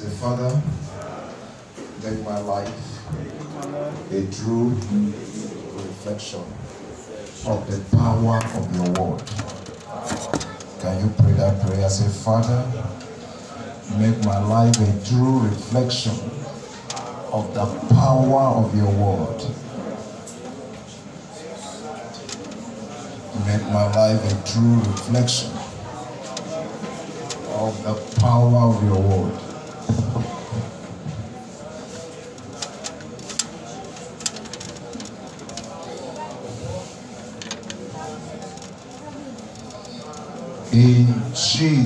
Say, Father, make my life a true reflection of the power of your word. Can you pray that prayer? Say, Father, make my life a true reflection of the power of your word. Make my life a true reflection of the power of your word.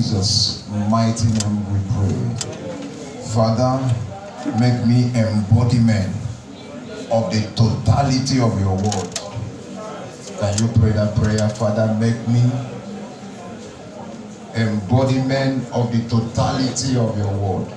Jesus' mighty name we pray. Father, make me embodiment of the totality of your word. Can you pray that prayer? Father, make me embodiment of the totality of your word.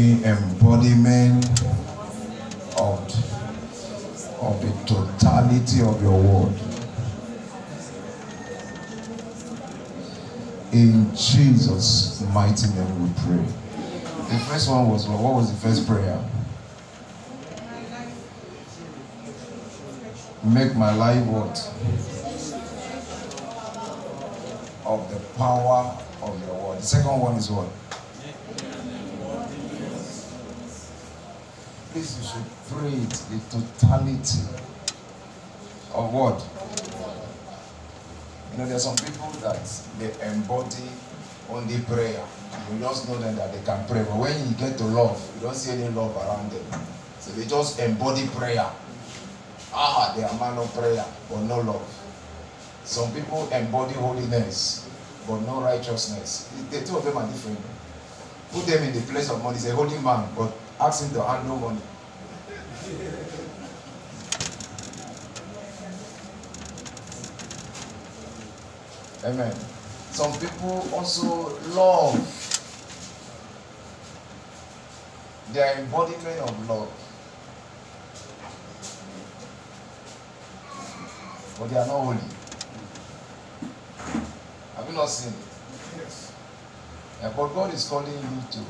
living embodiment of, of the totality of your word. In Jesus' mighty name we pray. The first one was what was the first prayer? Make my life what? Of the power of your word. The second one is what? Please, you should pray it the totality of what? You know, there are some people that they embody only prayer. You just know them that they can pray. But when you get to love, you don't see any love around them. So they just embody prayer. Ah, they are man of prayer, but no love. Some people embody holiness, but no righteousness. The two of them are different. Put them in the place of money. He's a holy man, but Ask him to handle money. Amen. Some people also love. They are embodiment of love. But they are not holy. Have you not seen it? Yes. Yeah, but God is calling you to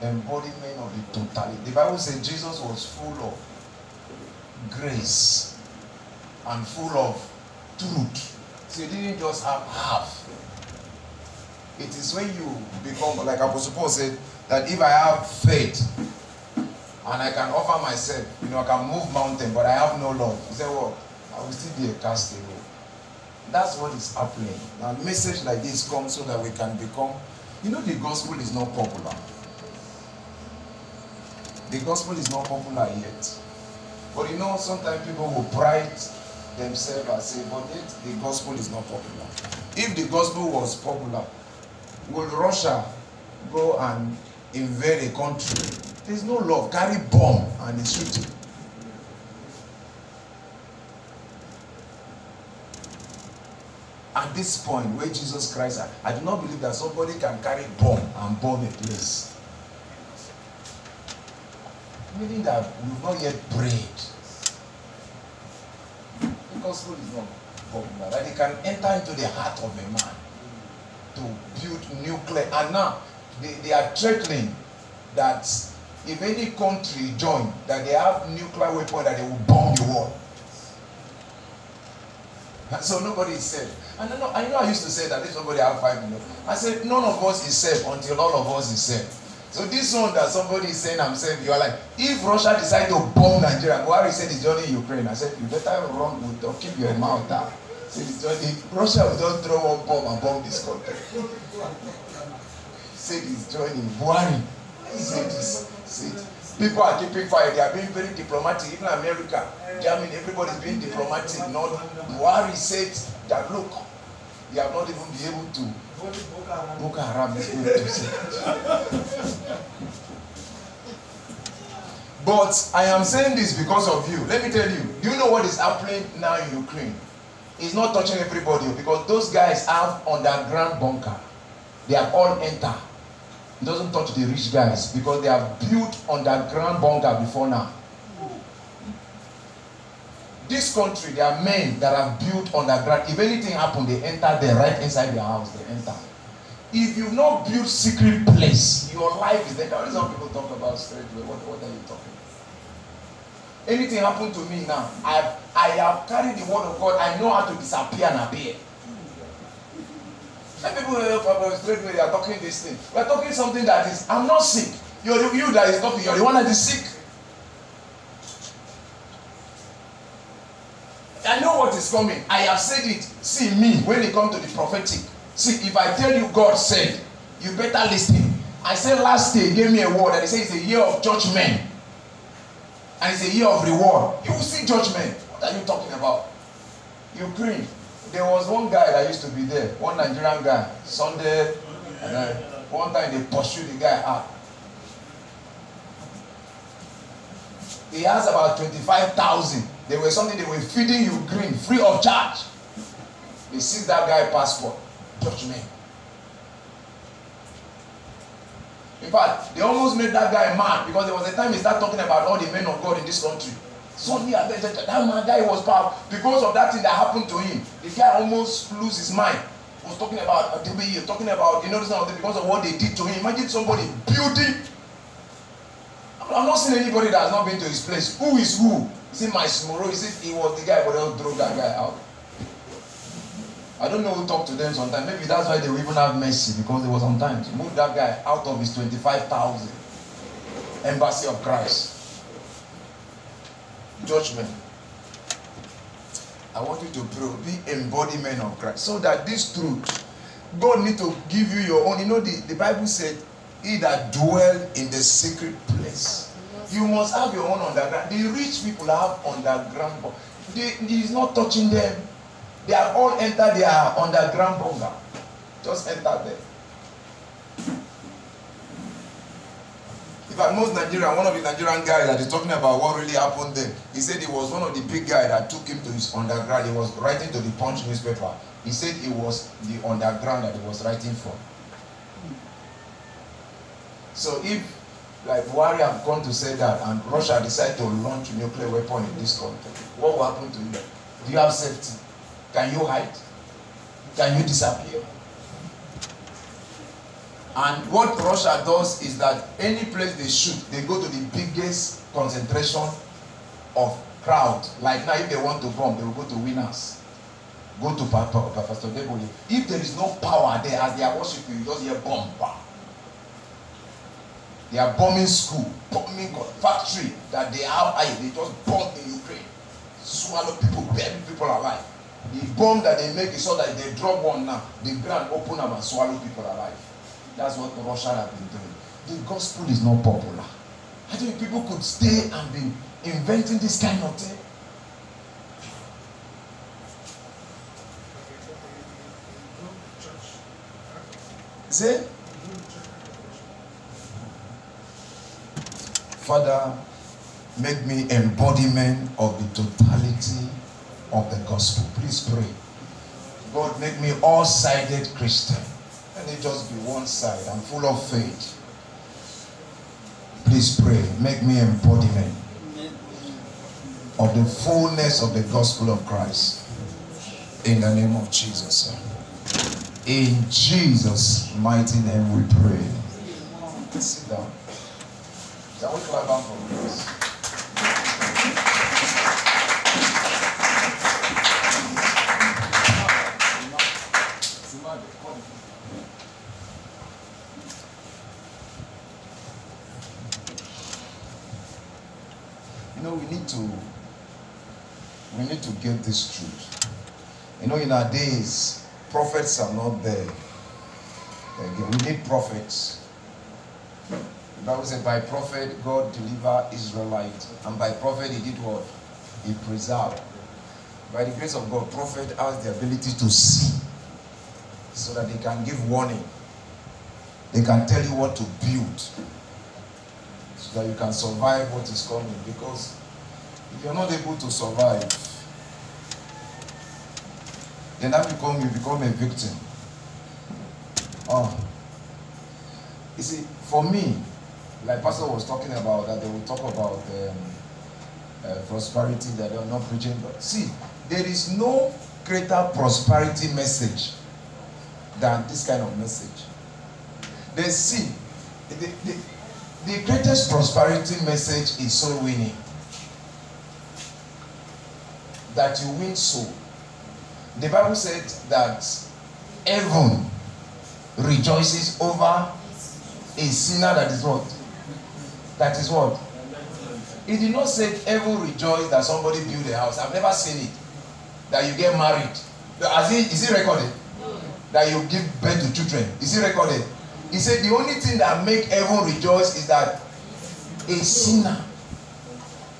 the embodiment of the totality. The Bible says Jesus was full of grace and full of truth. So he didn't just have half. It is when you become, like Apostle Paul said, that if I have faith and I can offer myself, you know, I can move mountain, but I have no love. He said, Well, I will still be a castaway. That's what is happening. The message like this comes so that we can become you know, the gospel is not popular. The gospel is not popular yet. But you know, sometimes people will pride themselves and say, but yet the gospel is not popular. If the gospel was popular, would Russia go and invade a country? There's no love. Carry bomb and it's shooting. at this point where Jesus Christ, I, I do not believe that somebody can carry bomb and bomb a place. Meaning that we've not yet prayed. The gospel is not popular. That it can enter into the heart of a man to build nuclear. And now they, they are threatening that if any country join, that they have nuclear weapon that they will bomb the world. So nobody is safe. And you know, I know I used to say that if somebody had five million, I said none of us is safe until all of us is safe. So this one that somebody is saying I'm safe, you are like, if Russia decide to bomb Nigeria, Buhari said he's joining Ukraine. I said you better run with or keep your mouth down. See, Russia will just throw one bomb and bomb this country. Said he's joining. Buhari. Say this. Say this. People are keeping quiet. They are being very diplomatic. Even America, Germany, everybody's being diplomatic. Not Buhari said that look, You have not even been able to. Boko Haram is going to say. But I am saying this because of you. Let me tell you, do you know what is happening now in Ukraine? It's not touching everybody because those guys have underground bunker. They have all entered. It doesn't touch the rich guys because they have built underground bunker before now. This country, there are men that have built underground. If anything happen, they enter They right inside their house, they enter. If you not build secret place, your life is there. That is how people talk about straight away. What, what are you talking Anything happen to me now, I've, I have carried the word of God. I know how to disappear and appear. Some people are eh, straight away, they are talking this thing. We are talking something that is, I'm not sick. You're the, you that is talking, you're the one that is sick. I know what is coming. I have said it. See me when it comes to the prophetic. See, if I tell you God said, you better listen. I said last day, gave me a word, and he said it's a year of judgment. And it's a year of reward. You will see judgment. What are you talking about? You pray. There was one guy that used to be there, one Nigerian guy, Sunday, and I, one time they pursued the guy out. He has about 25,000 They were something they were feeding you green, free of charge. They seized that guy passport. Judgment. In fact, they almost made that guy mad because there was a time he started talking about all the men of God in this country. Suddenly, that man guy was powerful because of that thing that happened to him. The guy almost lose his mind. He was talking about Adebayo, talking about you know this kind of because of what they did to him. Imagine somebody building. I'm not seeing anybody that has not been to his place. Who is who? See, my Smoro, he said he was the guy, but they drove that guy out. I don't know who talked to them sometimes. Maybe that's why they will even have mercy because there was sometimes move that guy out of his 25,000 embassy of Christ. Judgment. I want you to pray, be embodiment of Christ so that this truth, God need to give you your own. You know, the, the Bible said, He that dwell in the secret place you must have your own underground. The rich people have underground. Bunker. he's not touching them. They are all entered their underground bunker. Just enter there. In fact, most Nigerian, one of the Nigerian guys that is talking about what really happened then, he said he was one of the big guy that took him to his underground. He was writing to the Punch newspaper. He said it was the underground that he was writing for. So if like Buhari have gone to say that and Russia decide to launch nuclear weapon in this country, what will happen to you? Do you have safety? Can you hide? Can you disappear? And what Russia does is that any place they shoot, they go to the biggest concentration of crowd. Like now, if they want to bomb, they will go to winners. Go to Pastor Debole. If there is no power there, as they are worshiping, you just hear bomb, bomb. They are bombing school, bombing factory that they have high. They just bomb in Ukraine. Swallow people, bury people alive. The bomb that they make is so that they drop one now, the ground open up and swallow people alive. That's what Russia have been doing. The gospel is not popular. I think people could stay and be inventing this kind of thing. Say? Father, make me embodiment of the totality of the gospel. Please pray. God, make me all-sided Christian. Let me just be one side. I'm full of faith. Please pray. Make me embodiment of the fullness of the gospel of Christ. In the name of Jesus. In Jesus' mighty name we pray. Sit down. You know, we need to we need to get this truth. You know, in our days, prophets are not there. We need prophets. The Bible said, by prophet, God deliver Israelites. And by prophet, he did what? He preserved. By the grace of God, prophet has the ability to see so that they can give warning. They can tell you what to build so that you can survive what is coming. Because if you're not able to survive, then that become you become a victim. Oh. You see, for me, like Pastor was talking about, that they will talk about um, uh, prosperity that they are not preaching. But see, there is no greater prosperity message than this kind of message. They see, the, the, the greatest prosperity message is soul winning. That you win soul. The Bible said that heaven rejoices over a sinner that is not. That is what? He did not say heaven rejoice that somebody build a house. I've never seen it. That you get married. As he, is it recorded? That you give birth to children. Is it recorded? He said the only thing that make heaven rejoice is that a sinner,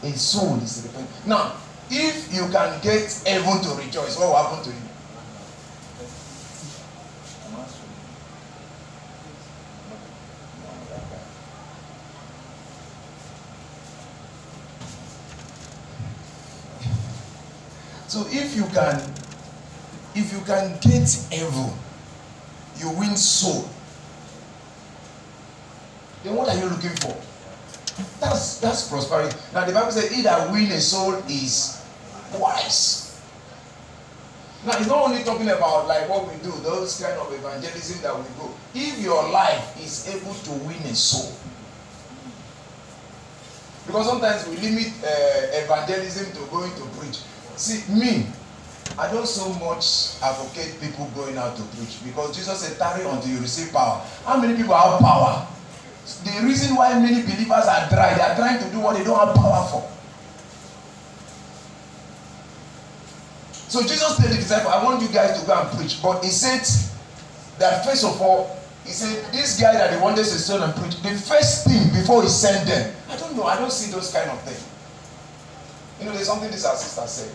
a soul is repentant. Now, if you can get heaven to rejoice, what will happen to you? So if you can, if you can get evil, you win soul. Then what are you looking for? That's that's prosperity. Now the Bible says, "He that win a soul is wise." Now it's not only talking about like what we do, those kind of evangelism that we do. If your life is able to win a soul, because sometimes we limit uh, evangelism to going to preach. See, me, I don't so much advocate people going out to preach because Jesus said, tarry until you receive power. How many people have power? The reason why many believers are dry, they are trying to do what they don't have power for. So Jesus said, the disciple, I want you guys to go and preach. But he said that first of all, he said, this guy that he wanted to send and preach, the first thing before he sent them, I don't know, I don't see those kind of things. You know, there's something this our sister said.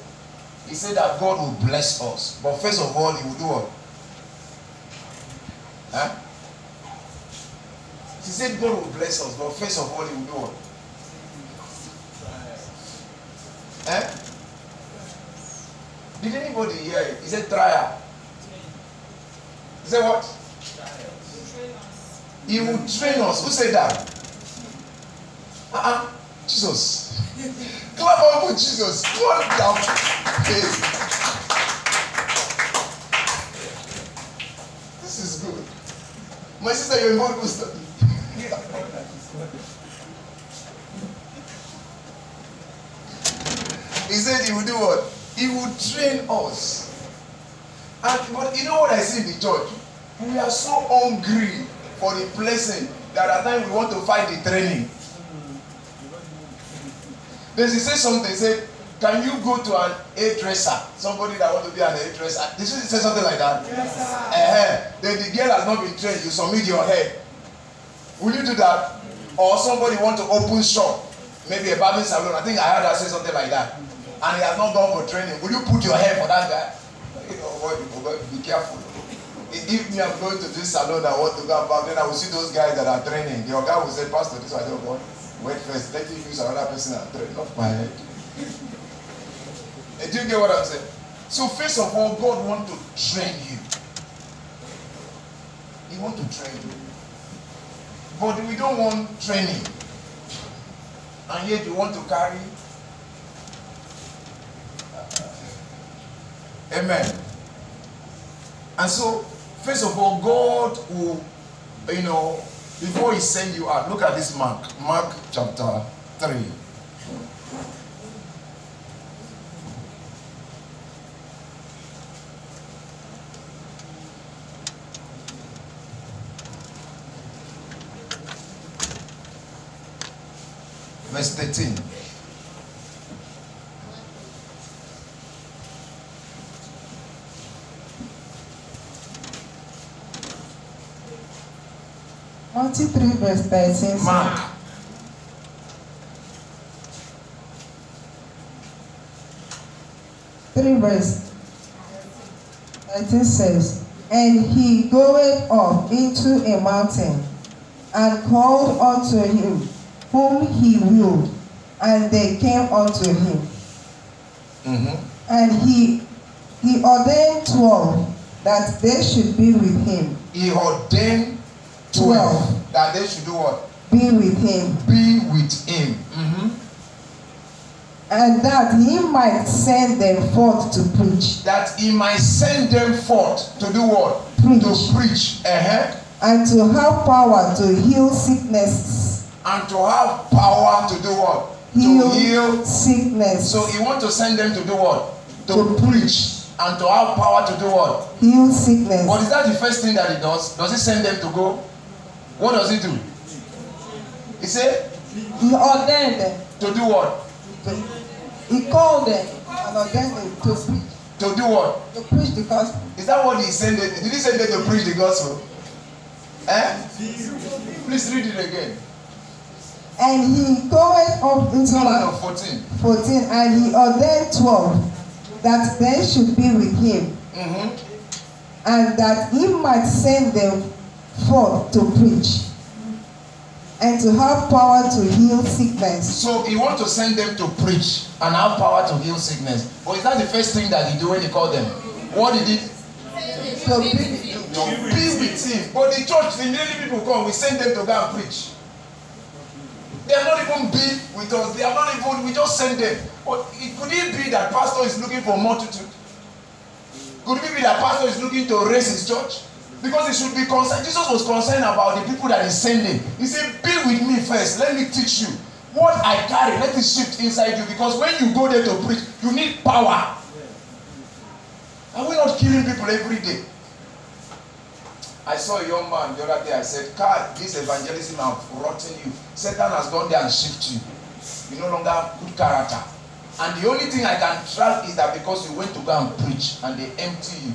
He said that God will bless us. But first of all, He will do what? Huh? He said God will bless us, but first of all, He will do what? Huh? Did anybody hear it? He said trial. He said what? He will train us. Who said that? Uh-uh. Jesus. Clap up for Jesus. What down face. This is good. My sister, you're a good study. he said he would do what? He would train us. And but you know what I see in the church? We are so hungry for the blessing that at times we want to find the training. They say something, say, can you go to an hairdresser? Somebody that wants to be an hairdresser. Did you say something like that? Yes, sir. Uh-huh. Then the girl has not been trained. You submit your hair. Will you do that? Or somebody want to open shop, maybe a barber salon. I think I heard her say something like that. And he has not gone for training. Will you put your hair for that guy? You know what? Be careful. If me, I'm going to this salon. I want to go back. Then I will see those guys that are training. Your guy will say, Pastor, this I don't want. Wait first, let you use another person and thread off my head. Eh, do you get what I'm saying? So first of all, God wants to train you. He wants to train you. But we don't want training. And yet you want to carry. Uh, amen. And so, first of all, God will, you know, before he send you out. Look at this Mark, Mark chapter 3. Verse 13. 23 verse 13. Mark. Three verse 13 says, And he goeth up into a mountain, and called unto him whom he willed, and they came unto him. Mm-hmm. And he he ordained twelve that they should be with him. He ordained twelve. 12 that they should do what? Be with him. Be with him. Mm-hmm. And that he might send them forth to preach. That he might send them forth to do what? Preach. To preach. Uh-huh. And to have power to heal sickness. And to have power to do what? Heal to heal sickness. So he want to send them to do what? To, to preach and to have power to do what? Heal sickness. But is that the first thing that he does? Does he send them to go? What does he do? He said, He ordained them. To do what? He called them and ordained them to preach. To do what? To preach the gospel. Is that what he sent them? Did he send them to preach the gospel? Eh? Please read it again. And he goeth up into no, no, no, 14. 14. And he ordained 12 that they should be with him. Mm-hmm. And that he might send them forth to preach and to have power to heal sickness. So he want to send them to preach and have power to heal sickness. Or is that the first thing that he do when he call them? What did he? To be, to be with him. But the church, the many people come, we send them to go and preach. They are not even be with us. They are not even, we just send them. But it, could it be that pastor is looking for multitude? Could it be that pastor is looking to raise his church? because he should be concerned. Jesus was concerned about the people that he's sending. He said, Be with me first. Let me teach you. What I carry, let it shift inside you. Because when you go there to preach, you need power. Are we not killing people every day? I saw a young man the other day. I said, God, this evangelism have rotten you. Satan has gone there and shifted you. You no longer have good character. And the only thing I can trust is that because you went to go and preach and they empty you.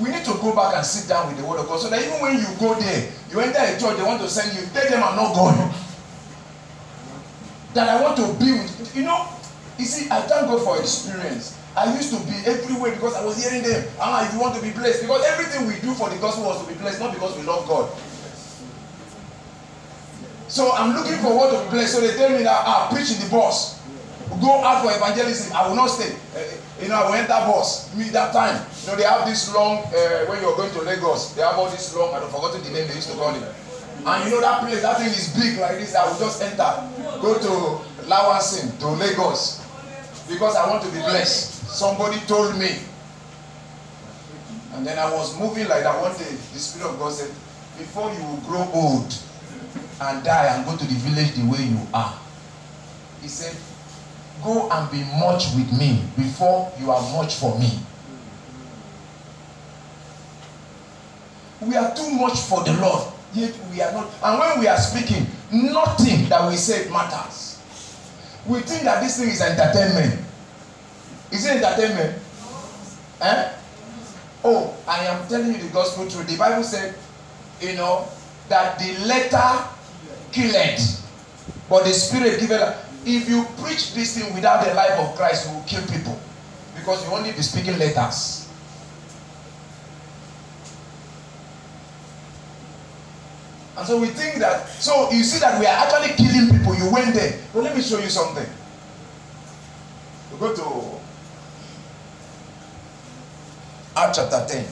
we need to go back and sit down with the word of God so that even when you go there, you enter a church, they want to send you, tell them I'm not going. That I want to be with you know, you see, I thank God for experience. I used to be everywhere because I was hearing them. Ah, if you want to be blessed, because everything we do for the gospel was to be blessed, not because we love God. So I'm looking for what to be blessed. So they tell me that ah, preach in the bus. Go out for evangelism. I will not stay. Uh, you know, I will enter bus. Me that time. You know, they have this long, uh, when you're going to Lagos, they have all this long, I don't forget the name they used to call it. And you know that place, that thing is big like this. I will just enter, go to Lawasin, to Lagos, because I want to be blessed. Somebody told me. And then I was moving like that one day. The Spirit of God said, Before you will grow old and die and go to the village the way you are, He said, Go and be much with me before you are much for me. we are too much for the Lord, yet we are not. And when we are speaking, nothing that we say matters. We think that this thing is entertainment. Is it entertainment? Eh? Oh, I am telling you the gospel truth. The Bible said, you know, that the letter killeth, but the spirit giveth. If you preach this thing without the life of Christ, you will kill people because you only be speaking letters. And so we think that, so you see that we are actually killing people. You went there. but let me show you something. We go to Acts chapter 10.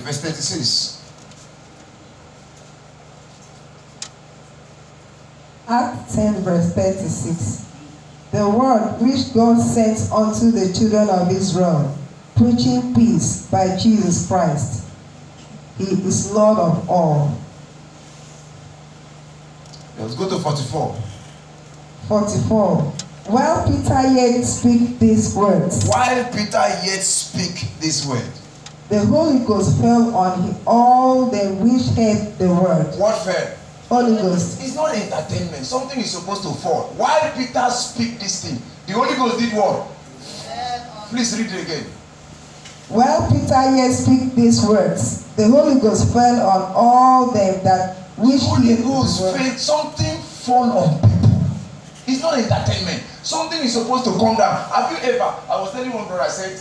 verse 36. Act 10, verse 36. The word which God sent unto the children of Israel, preaching peace by Jesus Christ. He is Lord of all. Let's go to 44. 44. While Peter yet speak these words. While Peter yet speak these words. The Holy Ghost fell on him, all them which heard the word. What fell? Holy Ghost. It's not entertainment. Something is supposed to fall. While Peter speak this thing, the Holy Ghost did what? Please read it again. While Peter yet speak these words, the Holy Ghost fell on all them that which Holy Ghost fell. Something fall on people. It's not entertainment. Something is supposed to come down. Have you ever? I was telling one brother. I said.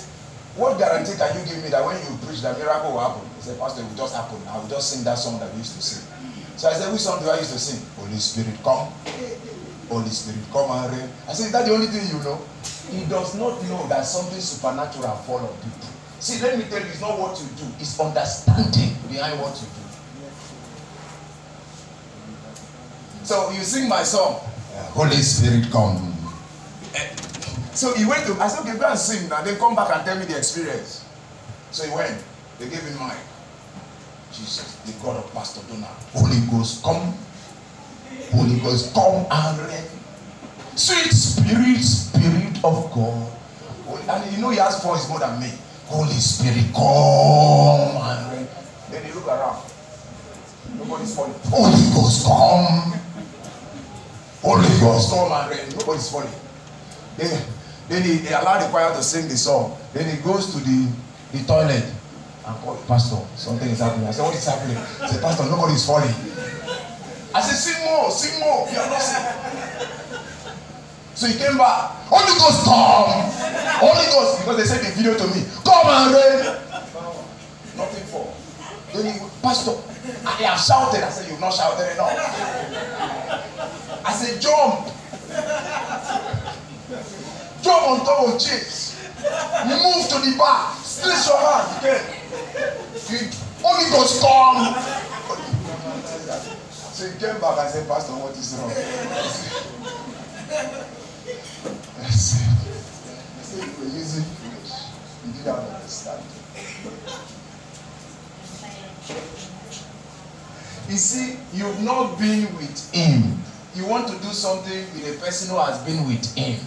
What guarantee can you give me that when you preach that miracle will happen? He said, Pastor, it will just happen. I will just sing that song that we used to sing. So I said, Which song do I used to sing? Holy Spirit, come. Holy Spirit, come and reign. I said, Is that the only thing you know? He does not know that something supernatural fall people. See, let me tell you, it's not what you do, it's understanding behind what you do. So you sing my song, Holy Spirit, come. So he went to, I said, okay, go and him now. Then come back and tell me the experience. So he went. They gave him mine. Jesus, the God of Pastor Donald. Holy Ghost, come. Holy Ghost, come and reign. Sweet Spirit, Spirit of God. Holy, and you know he has voice more than me. Holy Spirit, come and reign. Then he looked around. Nobody's falling. Holy Ghost, come. Holy Ghost, come and reign. Nobody's falling. Then Then he, they allow the choir to sing the song. Then he goes to the, the toilet and call pastor. Something is happening. I said, what is happening? He said, pastor, nobody is falling. I said, sing more, sing more. You are not sing. So he came back. Holy Ghost, come. Holy Ghost, because they sent the video to me. Come and rain. Nothing for. Then he, pastor, I have shouted. I said, you've not shouted enough. I said, jump. Jump on top of You Move to the bar. Stretch your hand. Okay. You only got storm. So he came back and said, Pastor, what is wrong? I said, I said, you were using English. You didn't understand. You see, you've not been with him. You want to do something with a person who has been with him.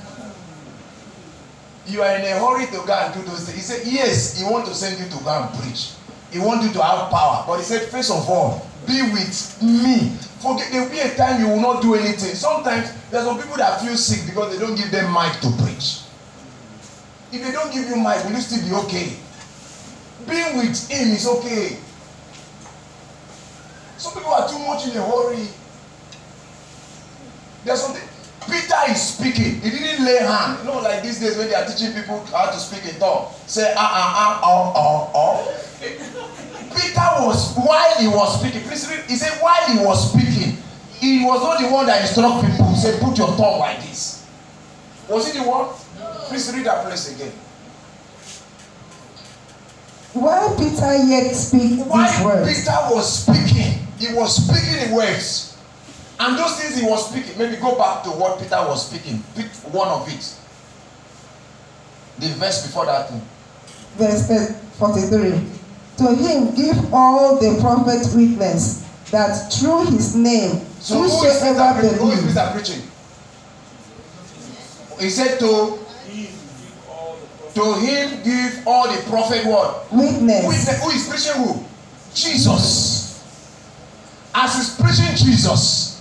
you are in a hurry to go and do those things. He said, Yes, he want to send you to go and preach. He want you to have power. But he said, First of all, be with me. Forget there will be a time you will not do anything. Sometimes there are some people that feel sick because they don't give them mic to preach. If they don't give you mic, will you still be okay? Being with him is okay. Some people are too much in a hurry. There's something Peter is speaking. He didn't lay hand. You know, like these days when they are teaching people how to speak in tongue, say ah ah ah oh oh oh. Peter was while he was speaking. Please read. He said while he was speaking, he was not the one that instruct people. He said put your tongue like this. Was he the one? Please read that place again. While Peter yet speak while these words. While Peter was speaking, he was speaking in words. And those things he was speaking, maybe go back to what Peter was speaking. Pick one of it. The verse before that thing. Verse 43. To him give all the prophet witness that through his name so who shall ever believe. Who is Peter preaching? He said to to him give all the prophet what? Witness. Witness. Who is preaching who? Jesus. As he's preaching Jesus,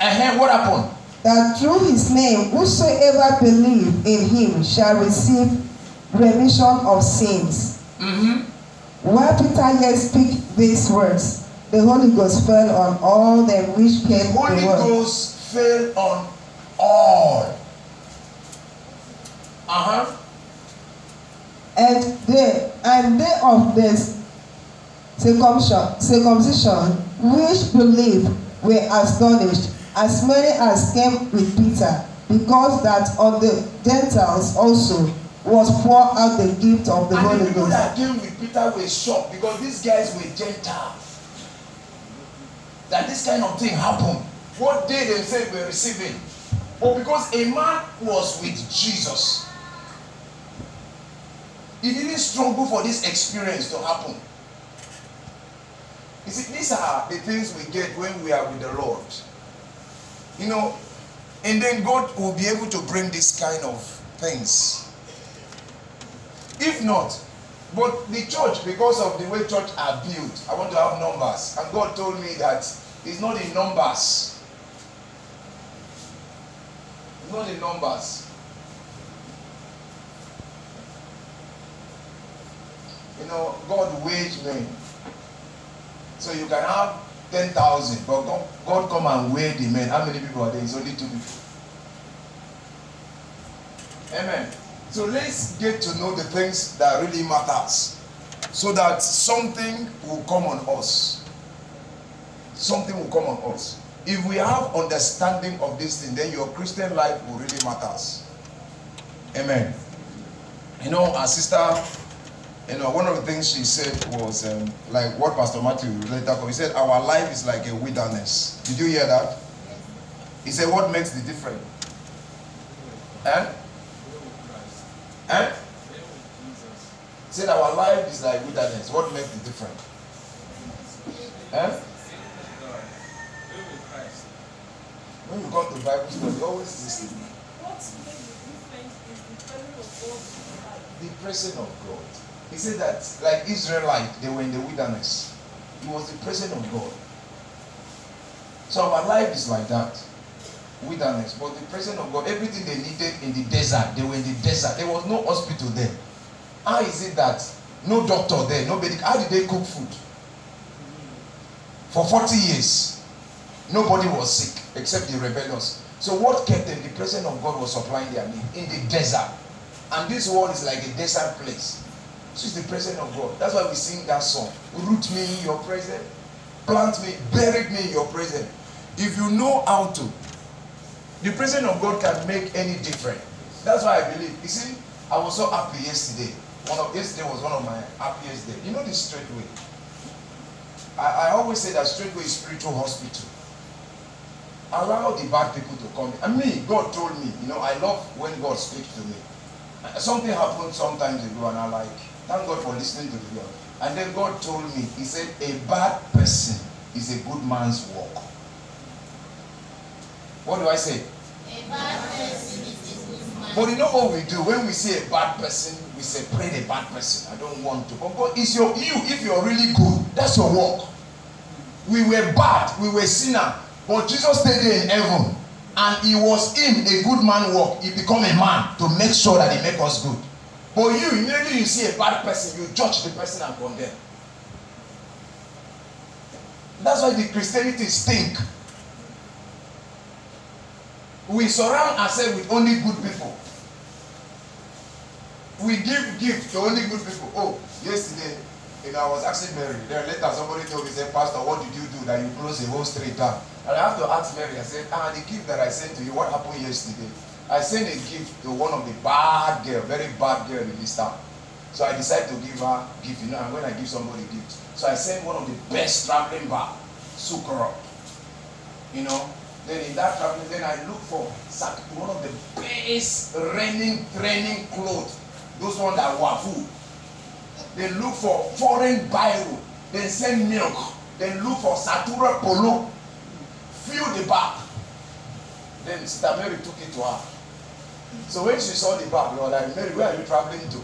And what happened? That through his name, whosoever believe in him shall receive remission of sins. Mm-hmm. While Peter yet speak these words, the Holy Ghost fell on all them which came the Holy Ghost fell on all. Uh-huh. And they and they of this circumcision, circumcision which believe were astonished as many as came with Peter, because that on the Gentiles also was poured out the gift of the Holy Ghost. people that came with Peter were shocked because these guys were Gentiles. That this kind of thing happened. What they themselves were receiving. But because a man was with Jesus, he didn't struggle for this experience to happen. You see, these are the things we get when we are with the Lord. You know, and then God will be able to bring this kind of things. If not, but the church, because of the way church are built, I want to have numbers. And God told me that it's not in numbers. It's not in numbers. You know, God wage men. So you can have 10,000. But God, God come and weigh the men. How many people are there? It's only two people. Amen. So let's get to know the things that really matters so that something will come on us. Something will come on us. If we have understanding of this thing, then your Christian life will really matters. Amen. You know, our sister you know, one of the things she said was um, like what Pastor Matthew related to." He said, "Our life is like a wilderness." Did you hear that? He said, "What makes the difference?" Eh? Eh? He said, "Our life is like wilderness. What makes the difference?" Eh? When you go to Bible study, always listen. What makes the difference is the presence of God. The presence of God. He said that, like Israelite, they were in the wilderness. He was the presence of God. So our life is like that. Wilderness. But the presence of God, everything they needed in the desert, they were in the desert. There was no hospital there. How is it that no doctor there, nobody, how did they cook food? For 40 years, nobody was sick except the rebellious. So what kept them? The presence of God was supplying their need in the desert. And this world is like a desert place. She's the presence of God. That's why we sing that song. Root me in your presence. Plant me, bury me in your presence. If you know how to, the presence of God can make any difference. That's why I believe. You see, I was so happy yesterday. One of yesterday was one of my happiest days. You know this straight way. I, I always say that straight way is spiritual hospital. Allow the bad people to come. And me, God told me, you know, I love when God speaks to me. Something happened sometimes ago, and I like Thank God for listening to the Lord. And then God told me, He said, a bad person is a good man's work. What do I say? A bad person is a good man's But you know what we do? When we say a bad person, we say, "Pray the bad person. I don't want to. But God, is your you. If you're really good, that's your work. We were bad, we were sinner, but Jesus stayed there in heaven. And he was in a good man walk. He become a man to make sure that he make us good. But you, immediately you see a bad person, you judge the person and condemn. That's why the Christianity stink. We surround ourselves with only good people. We give gift to only good people. Oh, yesterday, and I was asking Mary. Then later somebody told me, said, Pastor, what did you do that you closed the whole street down? And I have to ask Mary, I said, ah, the gift that I sent to you, what happened yesterday? I sent a gift to one of the bad girl, very bad girl in this town. So I decided to give her gift. You know, and when I give somebody gift, so I sent one of the best traveling bag, Sukara. You know, then in that traveling, then I look for one of the best raining training clothes. Those ones that wafu. They look for foreign bio. then send milk. Then look for satura polo. Fill the bag. Then Sister Mary took it to her. So when she saw the bag, you were like, Mary, where are you traveling to?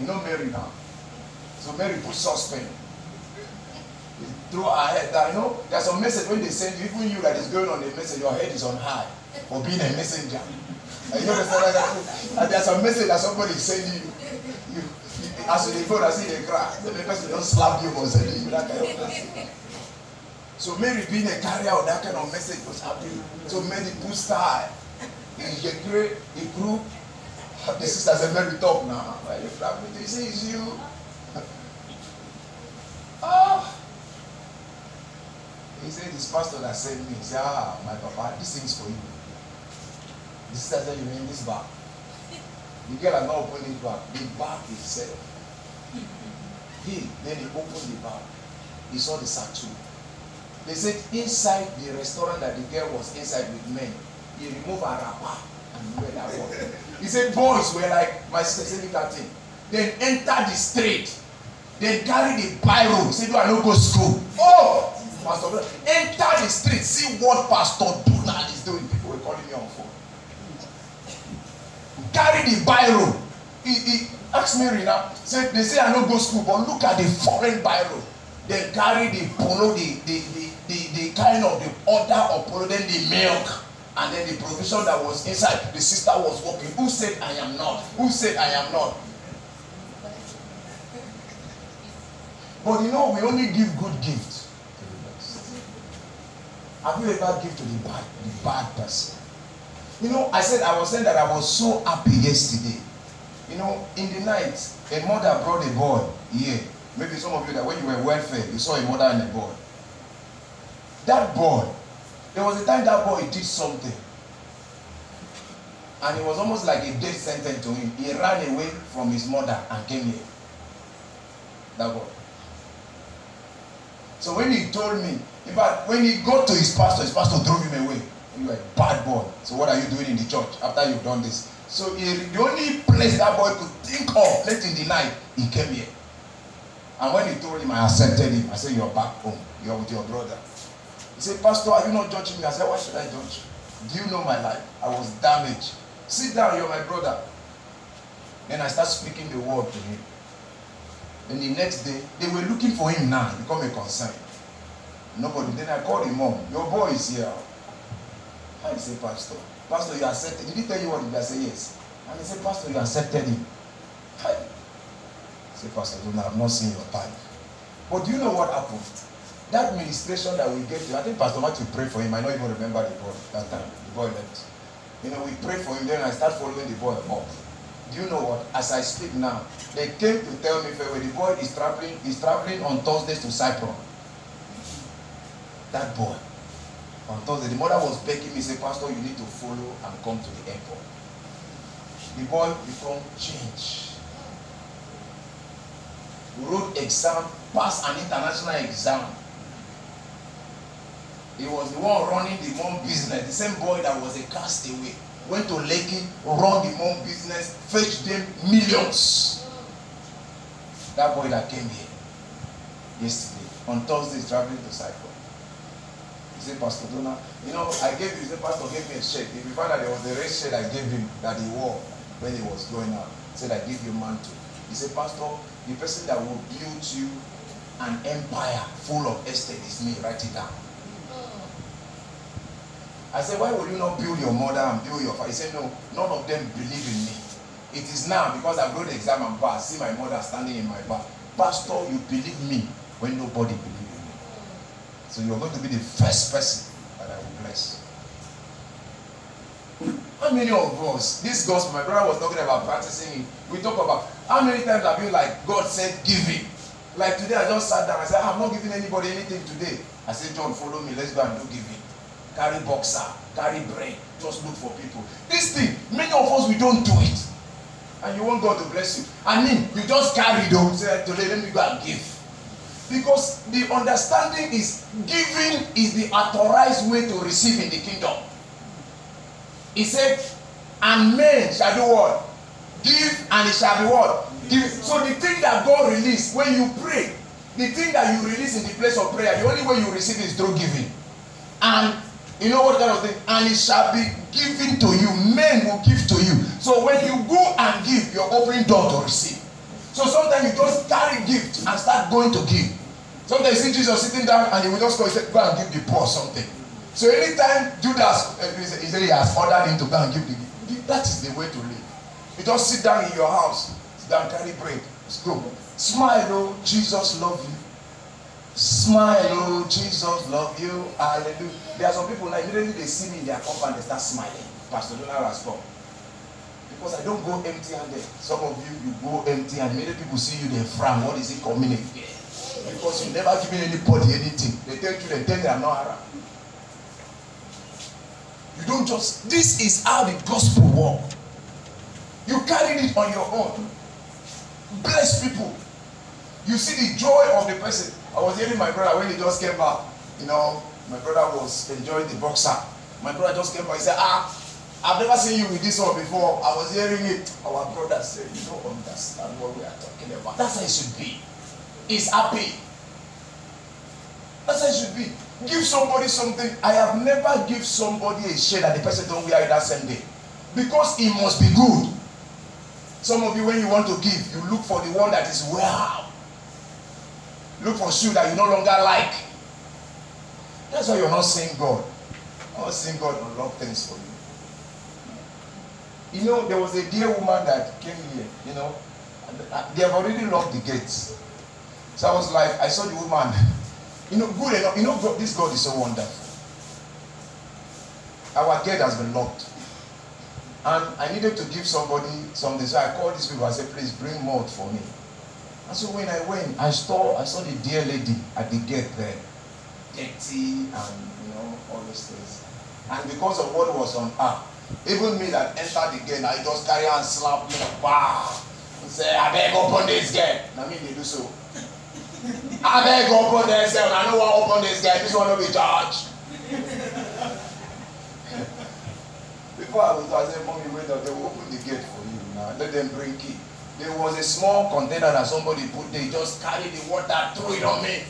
You know Mary now. So Mary put suspense Through her head that you know there's a message when they send you, even you that is going on the message, your head is on high for being a messenger. And you understand that? And there's a message that somebody is sending you. you, you as they go, I see they cry. So the person don't slap you for sending you that kind of message. So Mary being a carrier of that kind of message was happening. So Mary pushed her and he grew, he grew. The sister Mary, talk now. My you ah! He said, you. oh. He said, This pastor that sent me. He said, Ah, my papa, this thing's for you. The sister said, You mean this bag? The girl had not opened the back. The bag itself. He, then he opened the bag. He saw the satchel. They said, Inside the restaurant that the girl was inside with men, he remove her wrapper and wear that one. He said, boys were like, my sister said, look at him. Then enter the street. Then carry the Bible. Say, no, I don't go school. Oh! Pastor, enter the street. See what Pastor Donald is doing. People were calling me on phone. Carry the Bible. He, he asked me, Rina, say, they say I don't go school, but look at the foreign Bible. They carry the polo, the, the, the, the, kind of the order of polo, then the milk. And then the provision that was inside, the sister was working. Who said, I am not? Who said, I am not? But you know, we only give good gifts. Have you ever given to the bad, the bad person? You know, I said I was saying that I was so happy yesterday. You know, in the night, a mother brought a boy here. Maybe some of you that when you were welfare, you saw a mother and a boy. That boy There was a time that boy did something. And it was almost like a death sentence to him. He ran away from his mother and came here. That boy. So when he told me, in fact, when he got to his pastor, his pastor drove him away. You are a bad boy. So what are you doing in the church after you've done this? So he, the only place that boy could think of late in the night, he came here. And when he told him, I accepted him. I said, You're back home. You're with your brother. He said, Pastor, are you not judging me? I said, Why should I judge? Do you know my life? I was damaged. Sit down, you're my brother. Then I start speaking the word to him. Then the next day, they were looking for him now. become a concern. Nobody. Then I called him mom. Your boy is here. I said, Pastor. Pastor, you accepted. Did he tell you what he did? I yes. And he said, Pastor, you accepted him. I said, Pastor, I've not seen your time. But do you know what happened? that ministration that we gave to I think Pastor Matthew prayed for him. I don't even remember the boy that time. The boy left. You know, we prayed for him, then I start following the boy more. Do you know what? As I speak now, they came to tell me Fairway, the boy is traveling, is traveling on Thursdays to Cyprus. That boy. On Thursday, the mother was begging me, say, Pastor, you need to follow and come to the airport. The boy become changed. Wrote exam, passed an international exam. He was the one running the mom business. The same boy that was a castaway went to Lekki, run the mom business, fetched them millions. That boy that came here yesterday, on Thursday, traveling to Cyprus. He said, Pastor Dona, you know, I gave you, he said, Pastor gave me a shirt. If you find that there was a red shirt I gave him that he wore when he was going out, he said, I give you mantle. He said, Pastor, the person that will build you an empire full of estate is me. Write it down. I said, why will you not build your mother and build your father? He said, no, none of them believe in me. It is now because I wrote the exam and passed. See my mother standing in my back. Pastor, you believe me when nobody believed in me. So you're going to be the first person that I will bless. How many of us, this gospel, my brother was talking about practicing it. We talk about how many times have you, like, God said, give Like today, I just sat down. I said, ah, I'm not giving anybody anything today. I said, John, follow me. Let's go and do giving. carry boxer, carry brain. just look for people. This thing, many of us, we don't do it. And you want God to bless you. I mean, you just carry them, say, today let me go and give. Because the understanding is giving is the authorized way to receive in the kingdom. He said, and men shall do what? Give and it shall be what? Give. So the thing that God release when you pray, the thing that you release in the place of prayer, the only way you receive is through giving. And You know what kind of thing? And it shall be given to you. Men will give to you. So when you go and give, you're opening door to receive. So sometimes you just carry gift and start going to give. Sometimes you see Jesus sitting down and he will just go, go and give the poor something. So anytime Judas, uh, he said he has ordered him to go and give the gift. That is the way to live. You just sit down in your house, sit down, carry bread, go. Smile, oh, Jesus love you. Smile, oh Jesus love you, hallelujah. There are some people, like, immediately they see me in their compound, they start smiling. Pastor Donald has respond Because I don't go empty handed. Some of you, you go empty and many people see you, they frown. What is it coming in? Because you never given anybody anything. They tell you, they tell you, I'm not around. You don't just, this is how the gospel works. You carry it on your own. Bless people. You see the joy of the person. I was hearing my brother when he just came back. You know, my brother was enjoying the boxer. My brother just came back. He said, Ah, I've never seen you with this one before. I was hearing it. Our brother said, You don't understand what we are talking about. That's how it should be. He's happy. That's how it should be. Give somebody something. I have never give somebody a shirt that the person don't wear it that same day. Because it must be good. Some of you, when you want to give, you look for the one that is well Look for shoes that you no longer like. That's why you're not seeing God. you not seeing God unlock things for you. You know, there was a dear woman that came here, you know, uh, they have already locked the gates. So I was like, I saw the woman. You know, good enough. You know, God, this God is so wonderful. Our gate has been locked. And I needed to give somebody something. So I called these people. I said, please bring more for me. And so when I went, I saw I saw the dear lady at the gate there, dirty and you know all those things. And because of what was on her, even me that entered the gate, I just carry and slap me, bah, and say, I beg open this gate. And I mean they do so. I beg open this gate. I know what open this gate. This one will be judged. Before I was, I said, Mommy, wait, they will open the gate for you now. Let them bring key. There was a small container that somebody put there. just carried the water, threw it on me.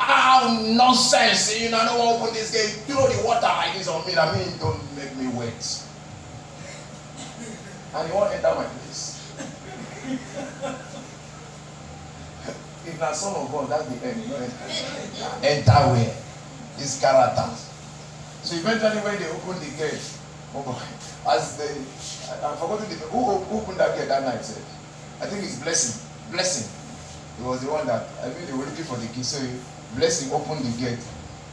oh, nonsense. You know, I don't want to open this gate. Throw the water like this on me. I mean, don't make me wet. And you won't enter my place. if not son of God, that's the end. enter where? His character. So eventually, when they opened the gate, oh boy, as they, I, I forgot the, who, who opened that gate that night? Said, eh? I think it's blessing. Blessing. It was the one that I mean they were looking for the key, so blessing opened the gate.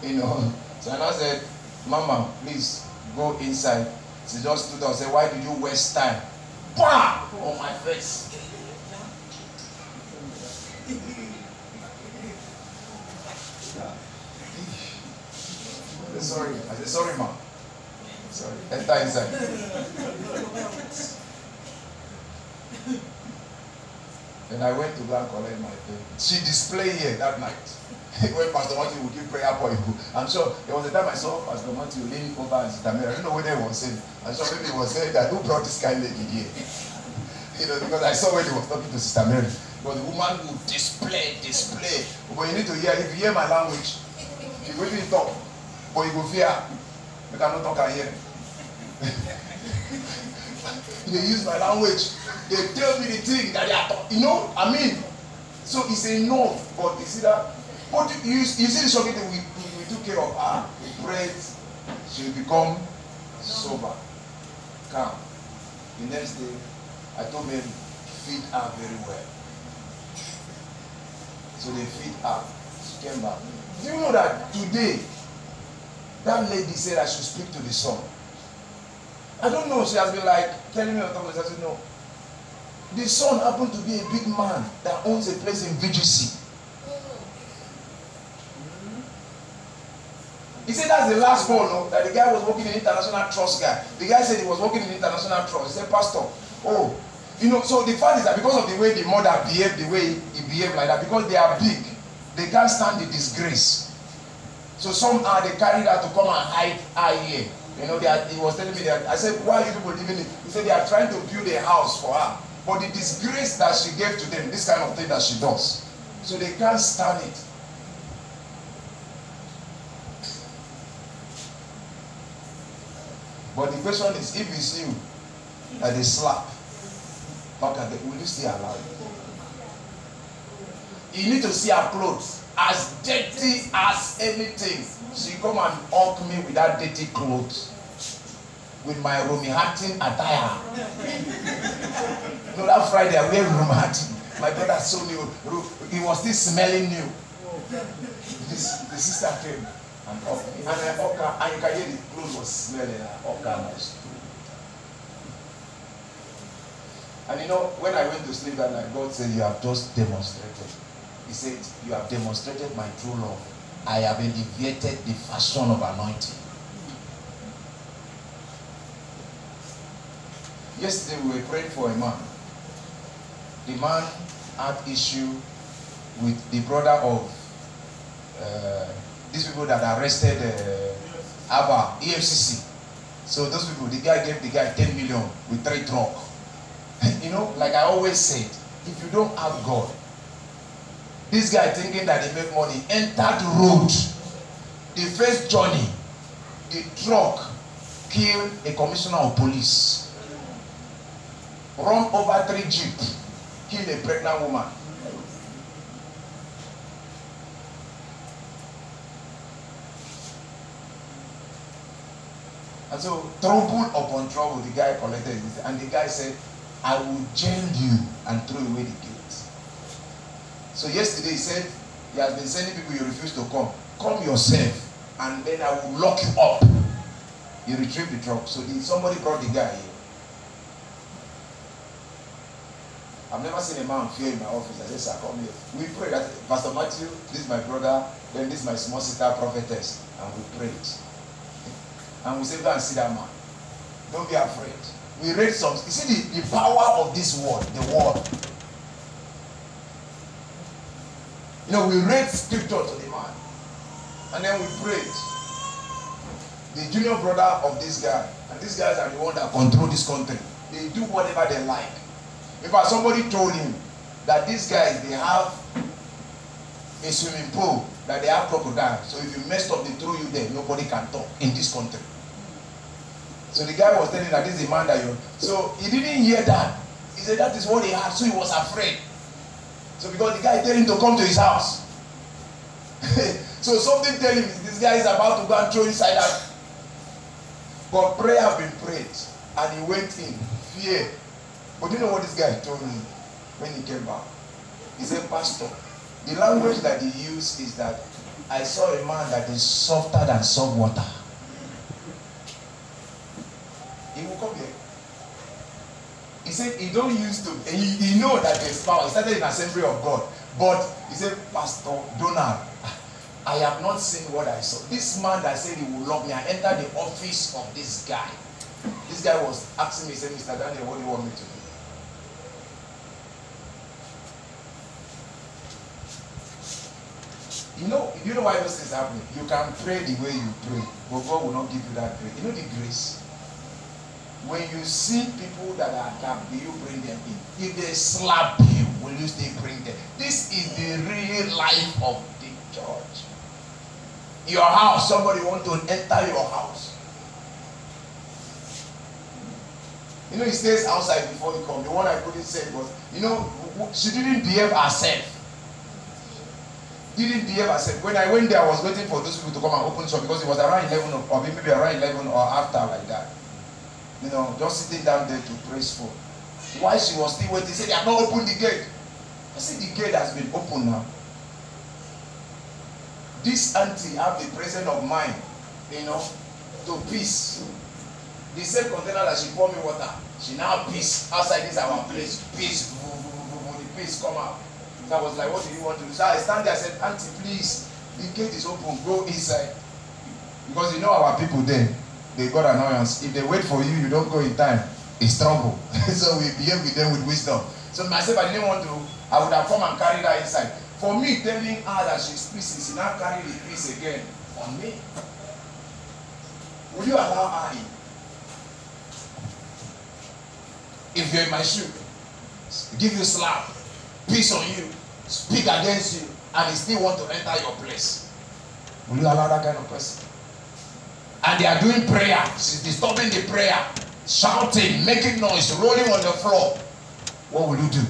You know. So I said, Mama, please go inside. She just stood up and said, Why did you waste time? Bam! On my face. I sorry. I said, sorry, mom. Sorry. Enter inside. And I went to go and collect my She displayed here that night. when Pastor Matthew would give prayer for you. I'm sure there was a time I saw Pastor Matthew leaning over and Sister I, mean, I don't know whether he was saying, I'm sure maybe he was saying that who brought this kind lady here? you know, because I saw when he was talking to Sister Mary. But the woman would display, display. But you need to hear, if you hear my language, you will be talk. But you will fear. You cannot talk and hear. You use my language. they tell me the thing that they are talking you know i mean so it's a no but you see that but you you see the shocking thing we we, we took care of her we prayed she become sober calm the next day i told mary feed her very well so they feed her she came back do you know that today that lady said i should speak to the son i don't know she has been like telling me on top of the saturday no The son happened to be a big man that owns a place in VGC. He said that's the last one no? that the guy was working in international trust guy. The guy said he was working in international trust. He said, Pastor, oh, you know, so the fact is that because of the way the mother behaved, the way he behaved like that, because they are big, they can't stand the disgrace. So somehow they carried her to come and hide her here. You know, they are, he was telling me that I said, why are you people living? it? He said they are trying to build a house for her. But the disgrace that she gave to them, this kind of thing that she does, so they can't stand it. But the question is, if it's you that they slap back at them, will you still allow You need to see her clothes as dirty as anything. She come and hug me with that dirty clothes. with my Rumihatin attire. no, that Friday I wear Rumihatin. My brother saw me. He was still smelling new. This, the sister came and up, and I oka, and you can hear the clothes was smelling. Oka was And you know, when I went to sleep that night, God said, "You have just demonstrated." He said, "You have demonstrated my true love. I have elevated the fashion of anointing." Yesterday we were praying for a man. The man had issue with the brother of uh, these people that arrested uh, Abba, EFCC. So those people, the guy gave the guy 10 million with three truck. you know, like I always said, if you don't have God, this guy thinking that he made money entered road. The first journey, the truck killed a commissioner of police. run over three jeep, kill a pregnant woman. And so trouble upon trouble, the guy collected this, and the guy said, I will jail you and throw away the gate. So yesterday he said, he has been sending people, you refuse to come. Come yourself, and then I will lock you up. He retrieved the truck. So somebody brought the guy here. I've never seen a man fear in my office. I just I come here. We pray That, Pastor Matthew, this is my brother, then this is my small sister prophetess. And we prayed. And we say, go and see that man. Don't be afraid. We read some. You see the, the power of this word, the word. You know, we read scripture to the man. And then we prayed. The junior brother of this guy, and these guys are the one that control this country. They do whatever they like. In fact, somebody told him that these guys they have a swimming pool that they have crocodiles. So if you messed up, they throw you there. Nobody can talk in this country. So the guy was telling that this is the man that you. So he didn't hear that. He said that is what he had. So he was afraid. So because the guy told him to come to his house. so something tell him this guy is about to go and throw inside out. But prayer have been prayed, and he went in fear but do you know what this guy told me when he came back? He said, Pastor, the language that he used is that I saw a man that is softer than soft water. He will come here. He said he don't use to. He, he know that there's power. He started in Assembly of God, but he said, Pastor Donald, I have not seen what I saw. This man that said he will love me, I entered the office of this guy. This guy was asking me, he said, Mr. Daniel, what do you want me to do? You know, you know why those things happen. You can pray the way you pray, but God will not give you that grace. You know the grace. When you see people that are attacked, do you bring them in? If they slap you, will you still bring them? This is the real life of the church. Your house, somebody want to enter your house. You know, he stays outside before he comes. The one I couldn't say was, you know, she didn't behave herself. didn't behave as if when I went there, I was waiting for those people to come and open shop because it was around 11 or, maybe around 11 or after like that. You know, just sitting down there to praise for. While she was still waiting, she said, They have not opened the gate. I said, The gate has been opened now. This auntie have the presence of mind, you know, to peace. The same container that she poured me water, she now peace outside this our place. Peace, the peace come out. I was like, what do you want to do? So I stand there, I said, Auntie, please, the gate is open, go inside. Because you know our people there, they got annoyance. If they wait for you, you don't go in time, it's trouble. so we behave with them with wisdom. So myself, I didn't want to, I would have come and carried her inside. For me, telling her that she's peace she not carry the peace again on me. Will you allow her in? If you're in my shoe, give you slap, peace on you. speak against you and they still want to enter your place will you allow that kind of person and they are doing prayer she's disturbing the prayer shouting making noise rolling on the floor what will you do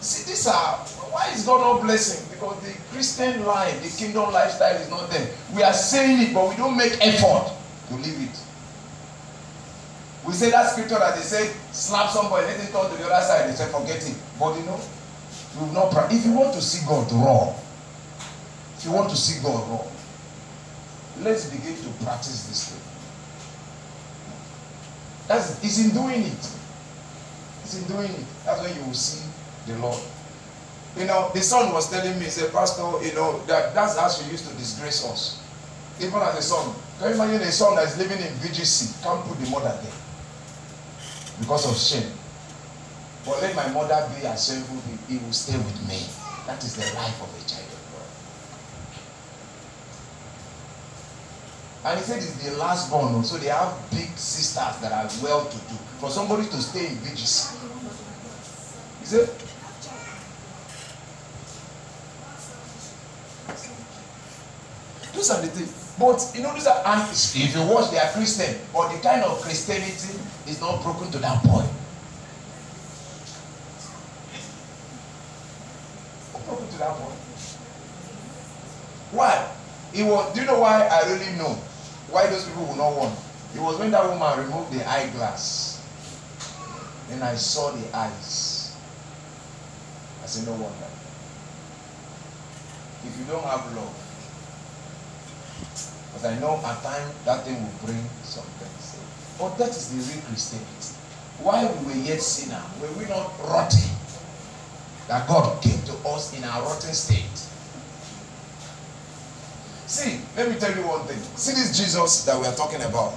see this are why is God not blessing because the Christian life the kingdom lifestyle is not there we are saying it but we don't make effort to live it We say that scripture that they say, slap somebody, let him turn to the other side. They say, forget it. But you know, you will not pray. If you want to see God raw, if you want to see God raw, let's begin to practice this thing. That's It's in doing it. It's in doing it. That's when you will see the Lord. You know, the son was telling me, he said, Pastor, you know, that that's how she used to disgrace us. Even as a son. Can you imagine a son that's living in VGC? Can't put the mother there. because of shame. But let my mother be and shameful be, he will stay with me. That is the life of a child of God. And he said it's the last born, so they have big sisters that are well to do. For somebody to stay in villages. He said, those are the things. But you know, these are, and if you watch, they are Christian, but the kind of Christianity is not broken to that point. Broken to that point. Why? It was. Do you know why I really know why those people would not want? It was when that woman removed the eyeglass, and I saw the eyes. I said, no wonder. If you don't have love, but I know at times that thing will bring some things. But that is the real Christianity. Why we were yet sinners, were we not rotten? That God came to us in our rotten state. See, let me tell you one thing. See this Jesus that we are talking about.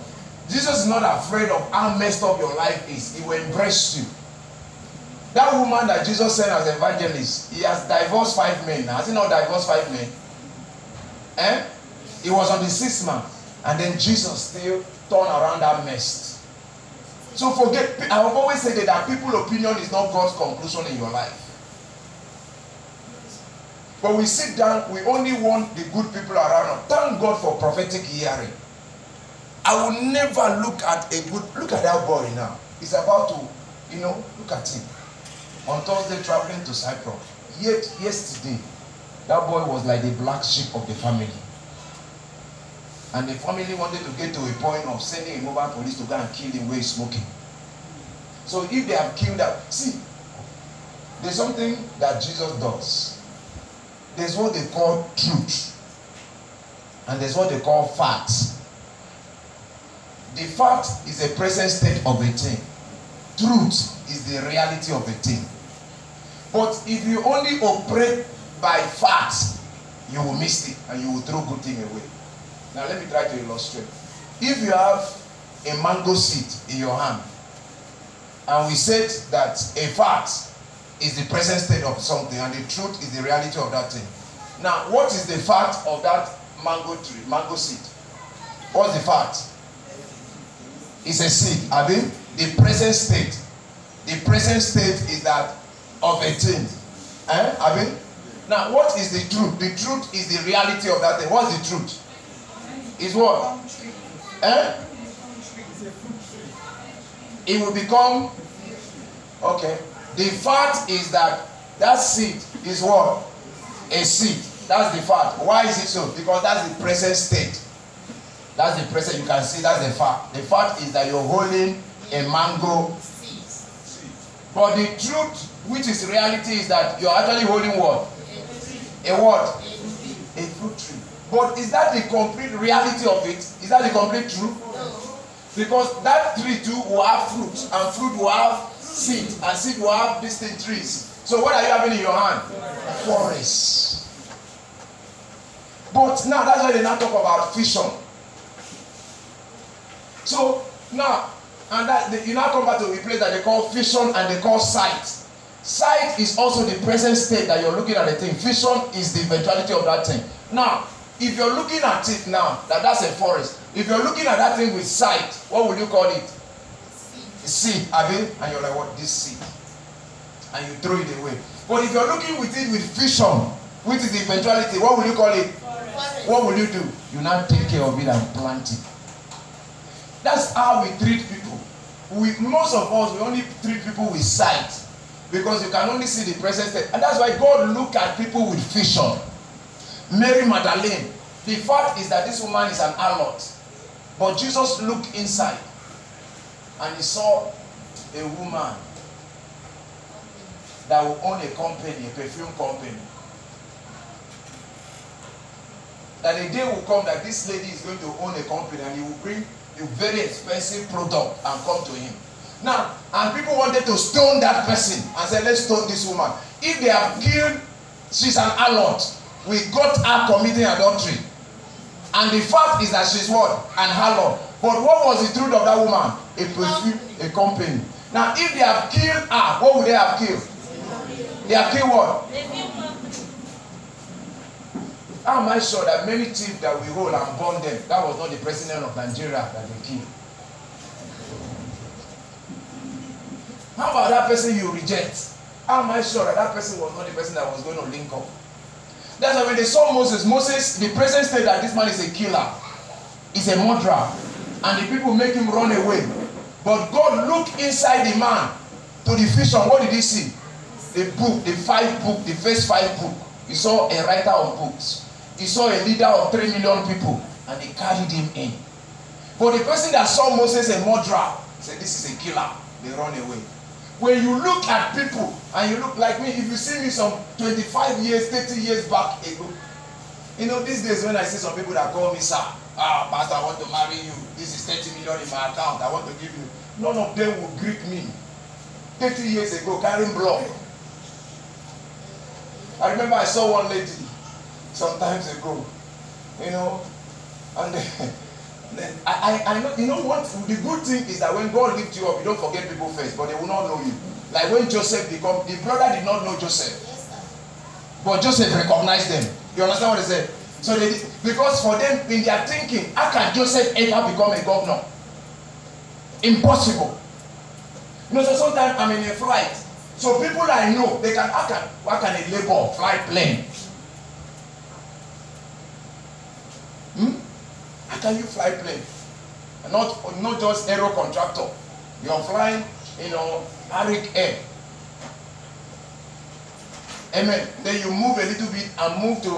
Jesus is not afraid of how messed up your life is. He will embrace you. That woman that Jesus sent as evangelist, he has divorced five men. Has he not divorced five men? Eh? It was on the sixth month. And then Jesus still turned around that mess. So forget, I've always said that, that people's opinion is not God's conclusion in your life. But we sit down, we only want the good people around us. Thank God for prophetic hearing. I will never look at a good look at that boy now. He's about to, you know, look at him. On Thursday, traveling to Cyprus. Yet yesterday, that boy was like the black sheep of the family. And the family wanted to get to a point of sending a mobile police to go and kill him where he's smoking. So if they have killed that, see, there's something that Jesus does. There's what they call truth, and there's what they call facts. The fact is a present state of a thing, truth is the reality of a thing. But if you only operate by facts, you will miss it and you will throw good thing away. Now, let me try to illustrate. If you have a mango seed in your hand, and we said that a fact is the present state of something, and the truth is the reality of that thing. Now, what is the fact of that mango tree, mango seed? What's the fact? It's a seed, I mean, the present state. The present state is that of a thing. Eh? I mean, now what is the truth? The truth is the reality of that thing. What's the truth? is what? Eh? It will become okay. The fact is that that seed is what? A seed. That's the fact. Why is it so? Because that's the present state. That's the present. You can see that's the fact. The fact is that you're holding a mango But the truth, which is reality, is that you're actually holding what? A what? But is that the complete reality of it? Is that the complete truth? Because that tree too will have fruit, and fruit will have seed, and seed will have distinct trees. So what are you having in your hand? A forest. But now that's why they now talk about fission. So now, and that they, you now come back to the place that they call fission and they call sight. Sight is also the present state that you're looking at the thing. Fission is the eventuality of that thing. Now, If you're looking at it now, that that's a forest. If you're looking at that thing with sight, what would you call it? Seed, Abi. And you're like, what? This seed. And you throw it away. But if you're looking with it with vision, which is the eventuality, what would you call it? Forest. What would you do? You now take care of it and plant it. That's how we treat people. We most of us we only treat people with sight because you can only see the present state, and that's why God look at people with vision. Mary Magdalene. The fact is that this woman is an harlot. But Jesus looked inside and he saw a woman that will own a company, a perfume company. That a day will come that this lady is going to own a company and he will bring a very expensive product and come to him. Now, and people wanted to stone that person and said, let's stone this woman. If they have killed, she's an harlot we got her committing adultery. And the fact is that she's what? An harlot. But what was the truth of that woman? A perfume, a company. Now, if they have killed her, what would they have killed? They have killed what? How am I sure that many thieves that we hold and burn them, that was not the president of Nigeria that they killed? How about that person you reject? How am I sure that that person was not the person that was going to link up? That's why when they saw Moses, Moses, the present said that this man is a killer, is a murderer, and the people make him run away. But God looked inside the man to the vision. What did he see? The book, the five book, the first five book. He saw a writer of books. He saw a leader of three million people, and they carried him in. But the person that saw Moses a murderer said, "This is a killer." They run away. when you look at people and you look like me if you see me some twenty-five years thirty years back ago you know these days when i see some people that call me sir ah pastor i want to marry you this is thirty million in my account i want to give you none of them will greet me thirty years ago carrying block i remember i saw one lady some times ago you know and I, I, I know, you know what? The good thing is that when God lifts you up, you don't forget people first, but they will not know you. Like when Joseph become, the brother did not know Joseph. But Joseph recognized them. You understand what I said? So they, because for them, in their thinking, how can Joseph ever become a governor? Impossible. You know, so sometimes I'm in a flight. So people I know, they can, how can, how can a labor fly plane? can you fly plane? Not, not just aero contractor. You're flying, you know, Arik Air. Amen. Then you move a little bit and move to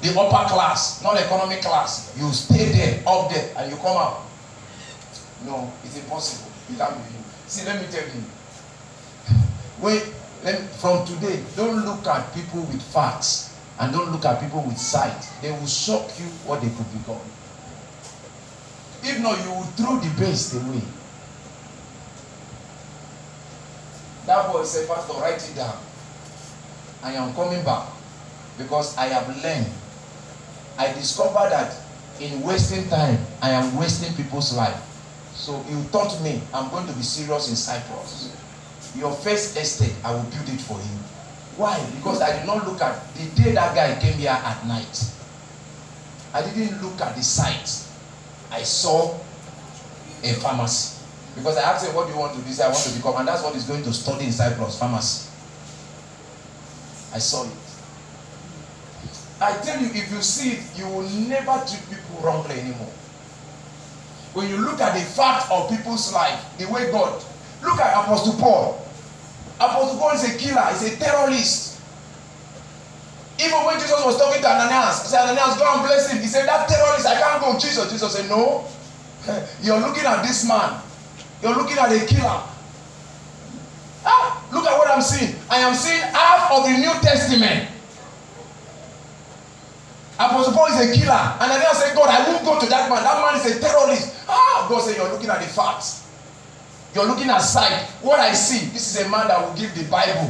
the upper class, not economic class. You stay there, up there, and you come out. No, it's impossible. You can't be See, let me tell you. Wait, let, from today, don't look at people with facts and don't look at people with sight. They will shock you what they could become. If not, you will throw the best away. That boy said, Pastor, write it down. I am coming back because I have learned. I discovered that in wasting time, I am wasting people's life. So you taught me I'm going to be serious in Cyprus. Your first estate, I will build it for you. Why? Because I did not look at the day that guy came here at night. I didn't look at the site. I saw a pharmacy. Because I asked him, What do you want to do? He said, I want to become. And that's what he's going to study in Cyprus pharmacy. I saw it. I tell you, if you see it, you will never treat people wrongly anymore. When you look at the fact of people's life, the way God, look at Apostle Paul. Apostle Paul is a killer, he's a terrorist. Even when Jesus was talking to Ananias, he said, Ananias, go and bless him. He said, That terrorist, I can't go. Jesus. Jesus said, No. You're looking at this man. You're looking at a killer. Ah, look at what I'm seeing. I am seeing half of the New Testament. Apostle Paul is a killer. And Ananias said, God, I won't go to that man. That man is a terrorist. Ah, God said, You're looking at the facts. You're looking at sight. What I see, this is a man that will give the Bible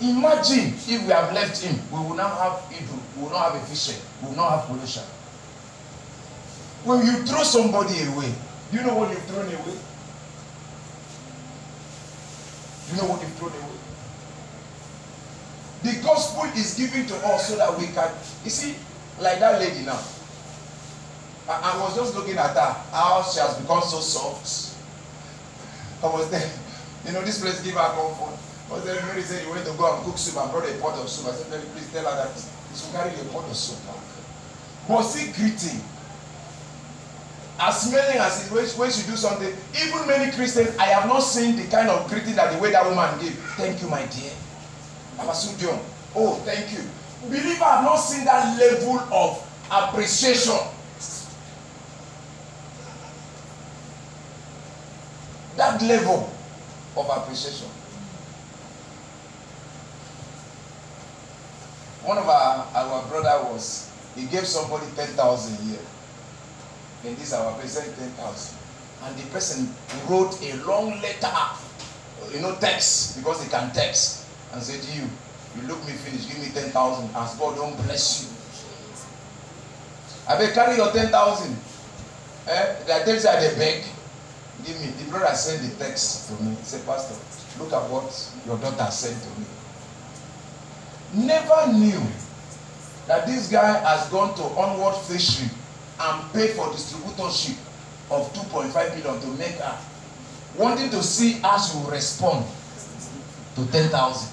Imagine if we have left him, we will not have evil, we will not have efficient, we will not have pollution. When you throw somebody away, do you know what you've thrown away? Do you know what you've thrown away? The gospel is given to us so that we can. You see, like that lady now. I, I was just looking at her, how she has become so soft. I was there. You know, this place give her comfort. Was then Mary said, You went to go and cook soup and brought a pot of soup. I said, Mary, please tell her that she carrying a pot of soup back. Was he greeting? As many as it, when, when she do something, even many Christians, I have not seen the kind of greeting that the way that woman gave. Thank you, my dear. Abasun John. Oh, thank you. Believer have not seen that level of appreciation. That level of appreciation. one of our our brother was he gave somebody ten thousand here And this our present ten thousand and the person wrote a long letter you know text because they can text and said, to you you look me finish give me ten thousand as God don't bless you I've abeg carry your ten thousand eh the text at the bank. give me the brother send the text to me he say pastor look at what your daughter said to me never knew that this guy has gone to onward fishing and paid for distributorship of 2.5 million to make her wanting to see how she will respond to 10,000.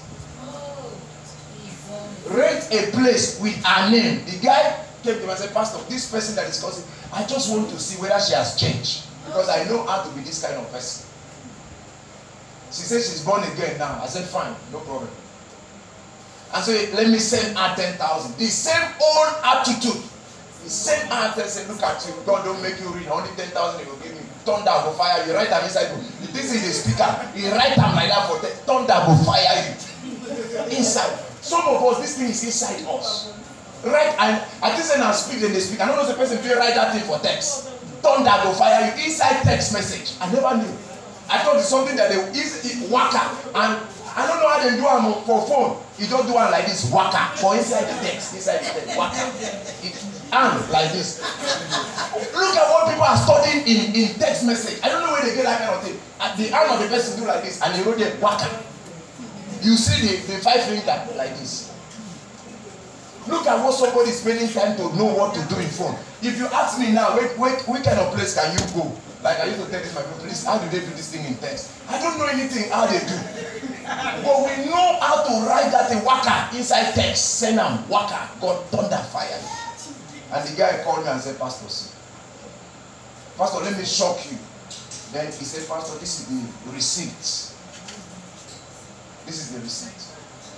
Rent a place with her name. The guy came to me and said, Pastor, this person that is causing, I just want to see whether she has changed because I know how to be this kind of person. She said she's born again now. I said, Fine, no problem and say, let me send her thousand. The same old attitude. The same attitude. Say, look at you. God don't make you rich. Only ten thousand. he will give me. Thunder will fire you. Write them inside book. This is the speaker. He write them like that for ten. Thunder will fire you. Inside. Some of us, this thing is inside us. Right? And I think saying I speak and they speak. I don't know if the person feel write that thing for text. Thunder will fire you. Inside text message. I never knew. I thought it's something that they is waka and I don't know how they do am for phone. You just do am like this, waka for inside the text, inside the text, waka. It, and like this. Look at what people are studying in in text message. I don't know where they get that kind of thing. At uh, the hand of the person do like this, and they wrote there waka. You see the the five finger like this. Look at what somebody is spending time to know what to do in phone. If you ask me now, wait, wait, which kind of place can you go? Like I used to tell this my people, please, how do they do this thing in text? I don't know anything how they do. But we know how to write that in waka inside text. Send him waka. God thunder fire. And the guy called me and said, Pastor, see. Pastor, let me shock you. Then he said, Pastor, this is the receipt. This is the receipt.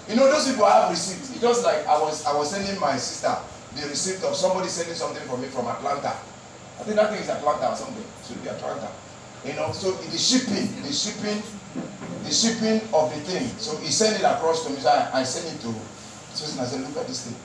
You know, those people have receipts. It just like I was I was sending my sister the receipt of somebody sending something for me from Atlanta. I think that thing is Atlanta or something. It should be Atlanta. You know, so the shipping, the shipping the shipping of the thing. So he sent it across to me. So I, I sent it to Susan. I said, look at this thing.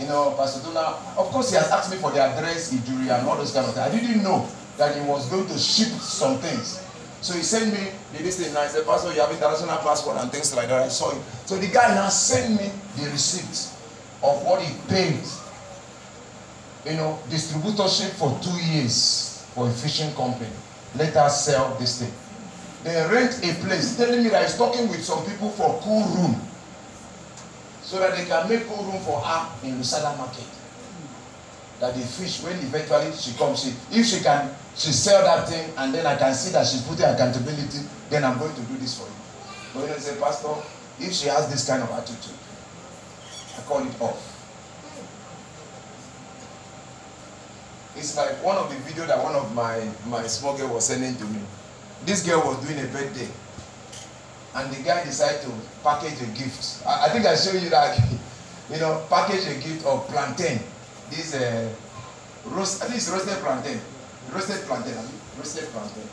You know, Pastor Duna, of course he has asked me for the address, the jury, and all those kind of things. I didn't know that he was going to ship some things. So he sent me the this thing. And I said, Pastor, you have international passport and things like that. I saw it. So the guy now sent me the receipt of what he paid. You know, distributorship for two years for a fishing company. Let us sell this thing. They rent a place, telling me that he's talking with some people for cool room. So that they can make cool room for her in the salad market. That the fish, when eventually she comes, in, if she can, she sell that thing and then I can see that she's putting accountability, then I'm going to do this for you. But you know, say, Pastor, if she has this kind of attitude, I call it off. It's like one of the video that one of my, my small girl was sending to me. this girl was doing a birthday and the guy decided to package a gift i, I think i showed you that you know package a gift of plantain this uh, roast at least roasted plantain roasted plantain roasted plantain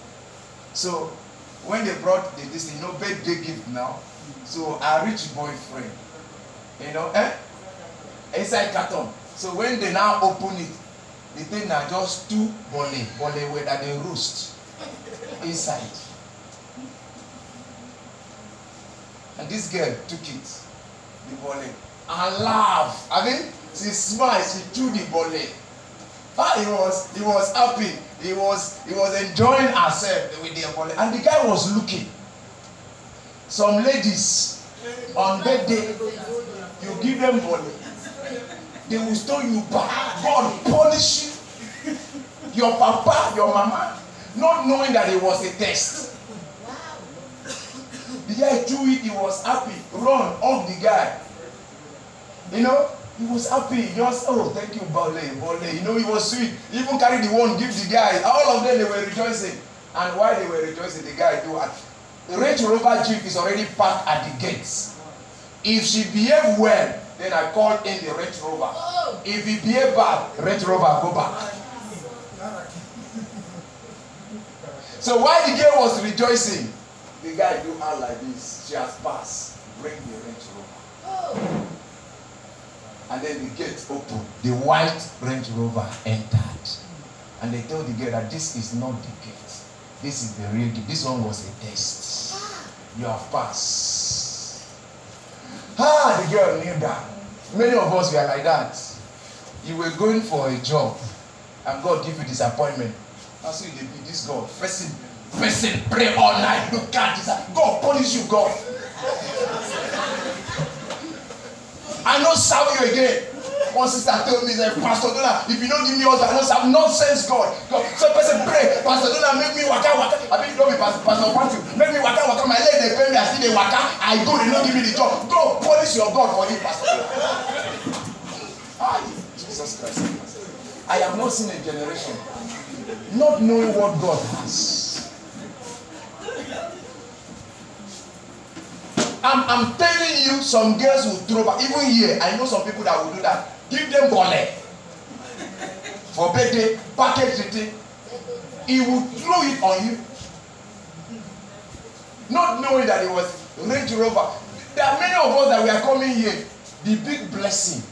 so when they brought the this you know birthday gift now so i rich boyfriend you know eh inside carton so when they now open it the thing na just two bole bole wey na dey roast inside. And this girl took it, the bullet, and laughed. I mean, she smiled, she threw the bullet. But he was, he was happy. He was, he was enjoying herself with the bullet. And the guy was looking. Some ladies, on that day, you give them bullet. They will stone you back. God punish you. Your papa, your mama, not knowing that it was a test. Wow. The guy threw it, he was happy. Run, hug the guy. You know, he was happy. Just, oh, thank you, Bole, Bole. You know, he was sweet. He even carried the one, give the guy. All of them, they were rejoicing. And while they were rejoicing, the guy do it. The Range Rover Jeep is already parked at the gates. If she behave well, then I call in the Range Rover. If he behaved bad, Range Rover go back. So while the girl was rejoicing, the guy do her like this. She has passed. Bring the Range Rover. Oh. And then the gate opened. The white Range Rover entered. And they told the girl that this is not the gate. This is the real gate. This one was a test. Ah. You have passed. Ah, the girl knew that. Many of us were like that. You were going for a job, and God give you disappointment. That's you dey be, this God. Person, person, pray all night. Look at this. God punish you, God. I no serve you again. One sister told me, that Pastor Dona, if you no give me all I no have nonsense, God. God. So person pray, Pastor Dona, make me waka waka. I mean, don't be Pastor, Pastor you. Make me waka waka. My leg, dey pay me, I see dey waka. I go, they no give me the job. Go, police your God for him, Pastor Dona. ah, Jesus Christ. I have not seen a generation not knowing what God has. I'm, I'm telling you, some girls will throw back. Even here, I know some people that will do that. Give them bole. For birthday, package the thing. He will throw it on you. Not knowing that it was Range Rover. There are many of us that we are coming here. The big blessing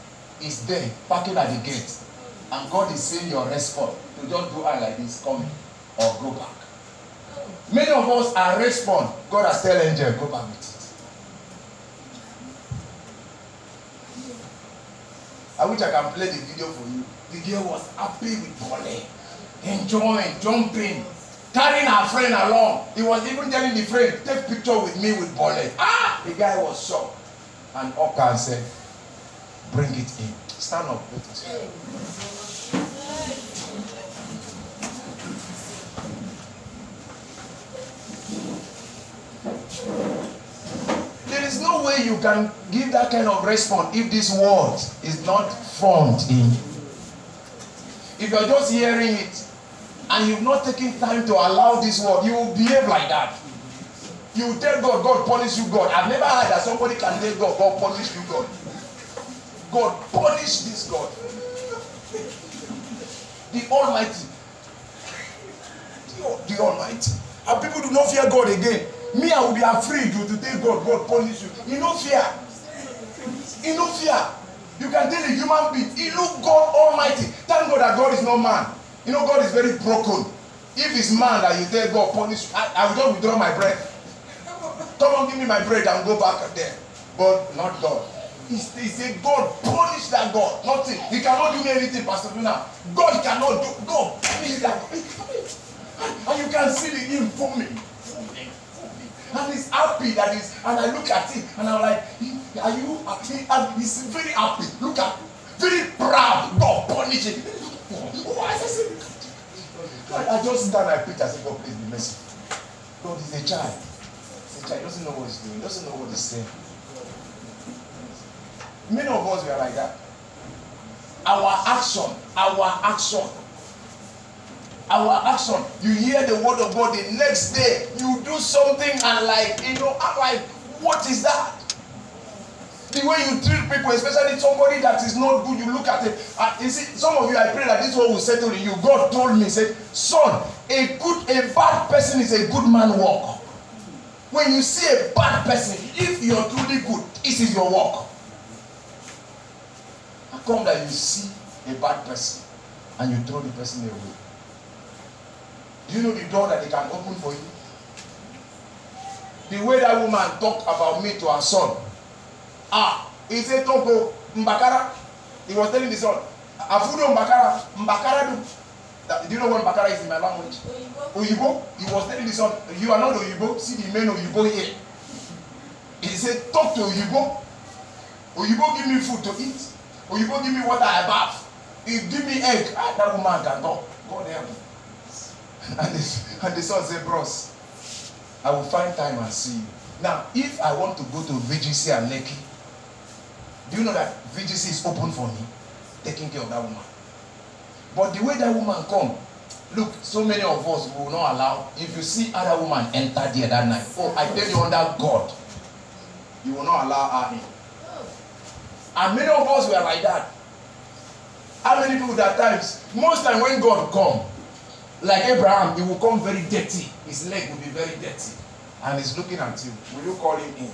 is there, parking at the gate. And God is saying your response. You just do eye like this, come or go back. Many of us are respond. God has tell angel, go back with it. I wish I can play the video for you. The girl was happy with Polly, enjoying, jumping, carrying her friend along. He was even telling the friend, take picture with me with Polly. Ah! The guy was shocked. And Oka said, bring it in. Stand up, let us. There is no way you can give that kind of response if this word is not formed in If you're just hearing it and you've not taken time to allow this word, you will behave like that. You will tell God, God punish you, God. I've never heard that somebody can tell God, God punish you, God. God punish this God. The Almighty. The, the Almighty. And people do not fear God again. me i will be afraid you today god god punish you no fear no fear you can tell a human being he look god almighty thank god that god is not man you know god is very broken if it's man that you tell god punish you i i will just withdraw my bread come on give me my bread and go back there but not god he say god punish that god nothing he cannot do me anything pastor luna god cannot do god punish that god and you can see the him me. and he's happy that he's and I look at him and I'm like, are you happy? And he's very happy. Look at him. Very proud. God punish him. Oh, Why is this? God, I just stand and I preach. I say, God, please be merciful. God is a child. He's a child. He doesn't know what he's doing. He doesn't know what he's saying. Many of us we are like that. Our action, our action our action. You hear the word of God the next day, you do something and like, you know, I'm like, what is that? The way you treat people, especially somebody that is not good, you look at it. And you see, some of you, I pray that this one will settle you. God told me, said, son, a good, a bad person is a good man walk. When you see a bad person, if you're truly good, it is your walk. How come that you see a bad person and you throw the person away? Do you know the door that they can open for you? The way that woman talked about me to her son. Ah, he said, Don't go, Mbakara. He was telling the son, Afudo Mbakara, Mbakara do. That, do you know what Mbakara is in my language? Oyibo. He was telling the son, You are not Oyibo, see the men Oyibo here. He said, Talk to Oyibo. Oyibo give me food to eat. Oyibo give me water I bath. He give me egg. Ah, that woman can talk. God help me and the, and the son said, Bros, I will find time and see you. Now, if I want to go to VGC and Lekki, do you know that VGC is open for me, taking care of that woman? But the way that woman come, look, so many of us will not allow. If you see other woman enter there that night, oh, I tell you under God, you will not allow her in. And many of us were like that. How many people that times, most time when God come, Like Abraham, he will come very dirty. His leg will be very dirty. And he's looking at you. Will you call him in?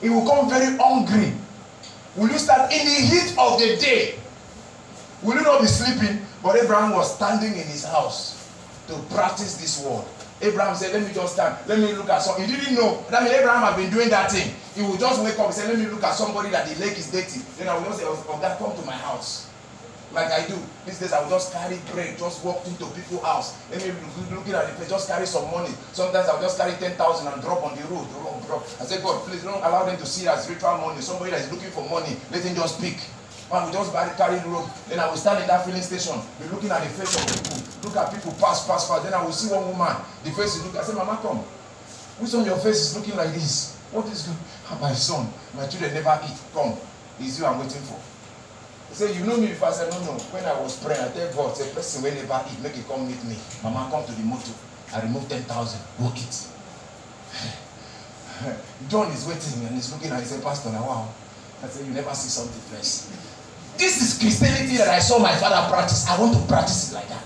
He will come very hungry. Will you start in the heat of the day? Will you not be sleeping? But Abraham was standing in his house to practice this word. Abraham said, Let me just stand. Let me look at something. He didn't know. That means Abraham had been doing that thing. He would just wake up and say, Let me look at somebody that the leg is dirty. Then I will just say, oh, oh, God, come to my house. like I do. These days I will just carry bread, just walk into people's house. and be looking at the place, just carry some money. Sometimes I'll just carry 10,000 and drop on the road, drop, drop. I say, God, please don't allow them to see it as ritual money. Somebody that is looking for money, let him just pick. Man, we just carry the rope. Then I will stand in that filling station, be looking at the face of people. Look at people pass, pass, pass. Then I will see one woman. The face is looking. I say, Mama, come. Which on your face is looking like this? What is good? Ah, my son, my children never eat. Come. Is you I'm waiting for. say you know me before i say no no when i was praying i tell god say person wey never eat make e come meet me mama come to the motor i remove ten thousand work it john is waiting and he's looking at me say pastor na wow i say you never see something first. this is christianity that i saw my father practice i want to practice it like that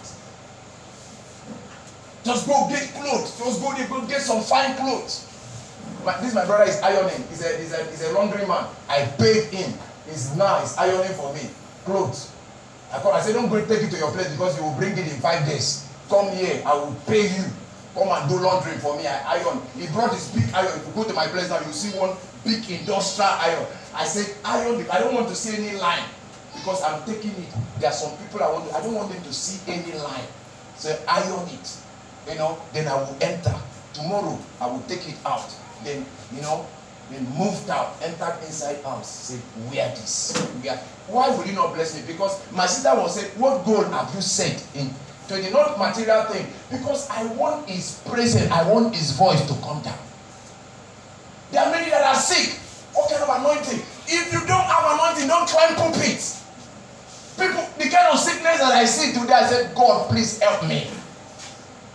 just go get clothes just go there go get some fine clothes my this my brother is ironing he's a he's a he's a laundry man i paid him Is now is ironing for me clothes. I call I say don't go take it to your place because you will bring it in five days. Come here I will pay you come and do laundry for me I iron. He brought his big iron if you go to my place now you see one big industrial iron. I say iron I don't want to see any line because I'm taking it. There are some people I want to, I don't want them to see any line. So iron it. You know, then I will enter. Tomorrow I will take it out. Then, you know, They moved out, entered inside house, said, Wear this. Wear. Why would you not bless me? Because my sister was saying, What goal have you set in to the not material thing? Because I want his presence, I want his voice to come down. There are many that are sick. What kind of anointing? If you don't have anointing, don't try climb pulpits. People, the kind of sickness that I see today, I said, God, please help me.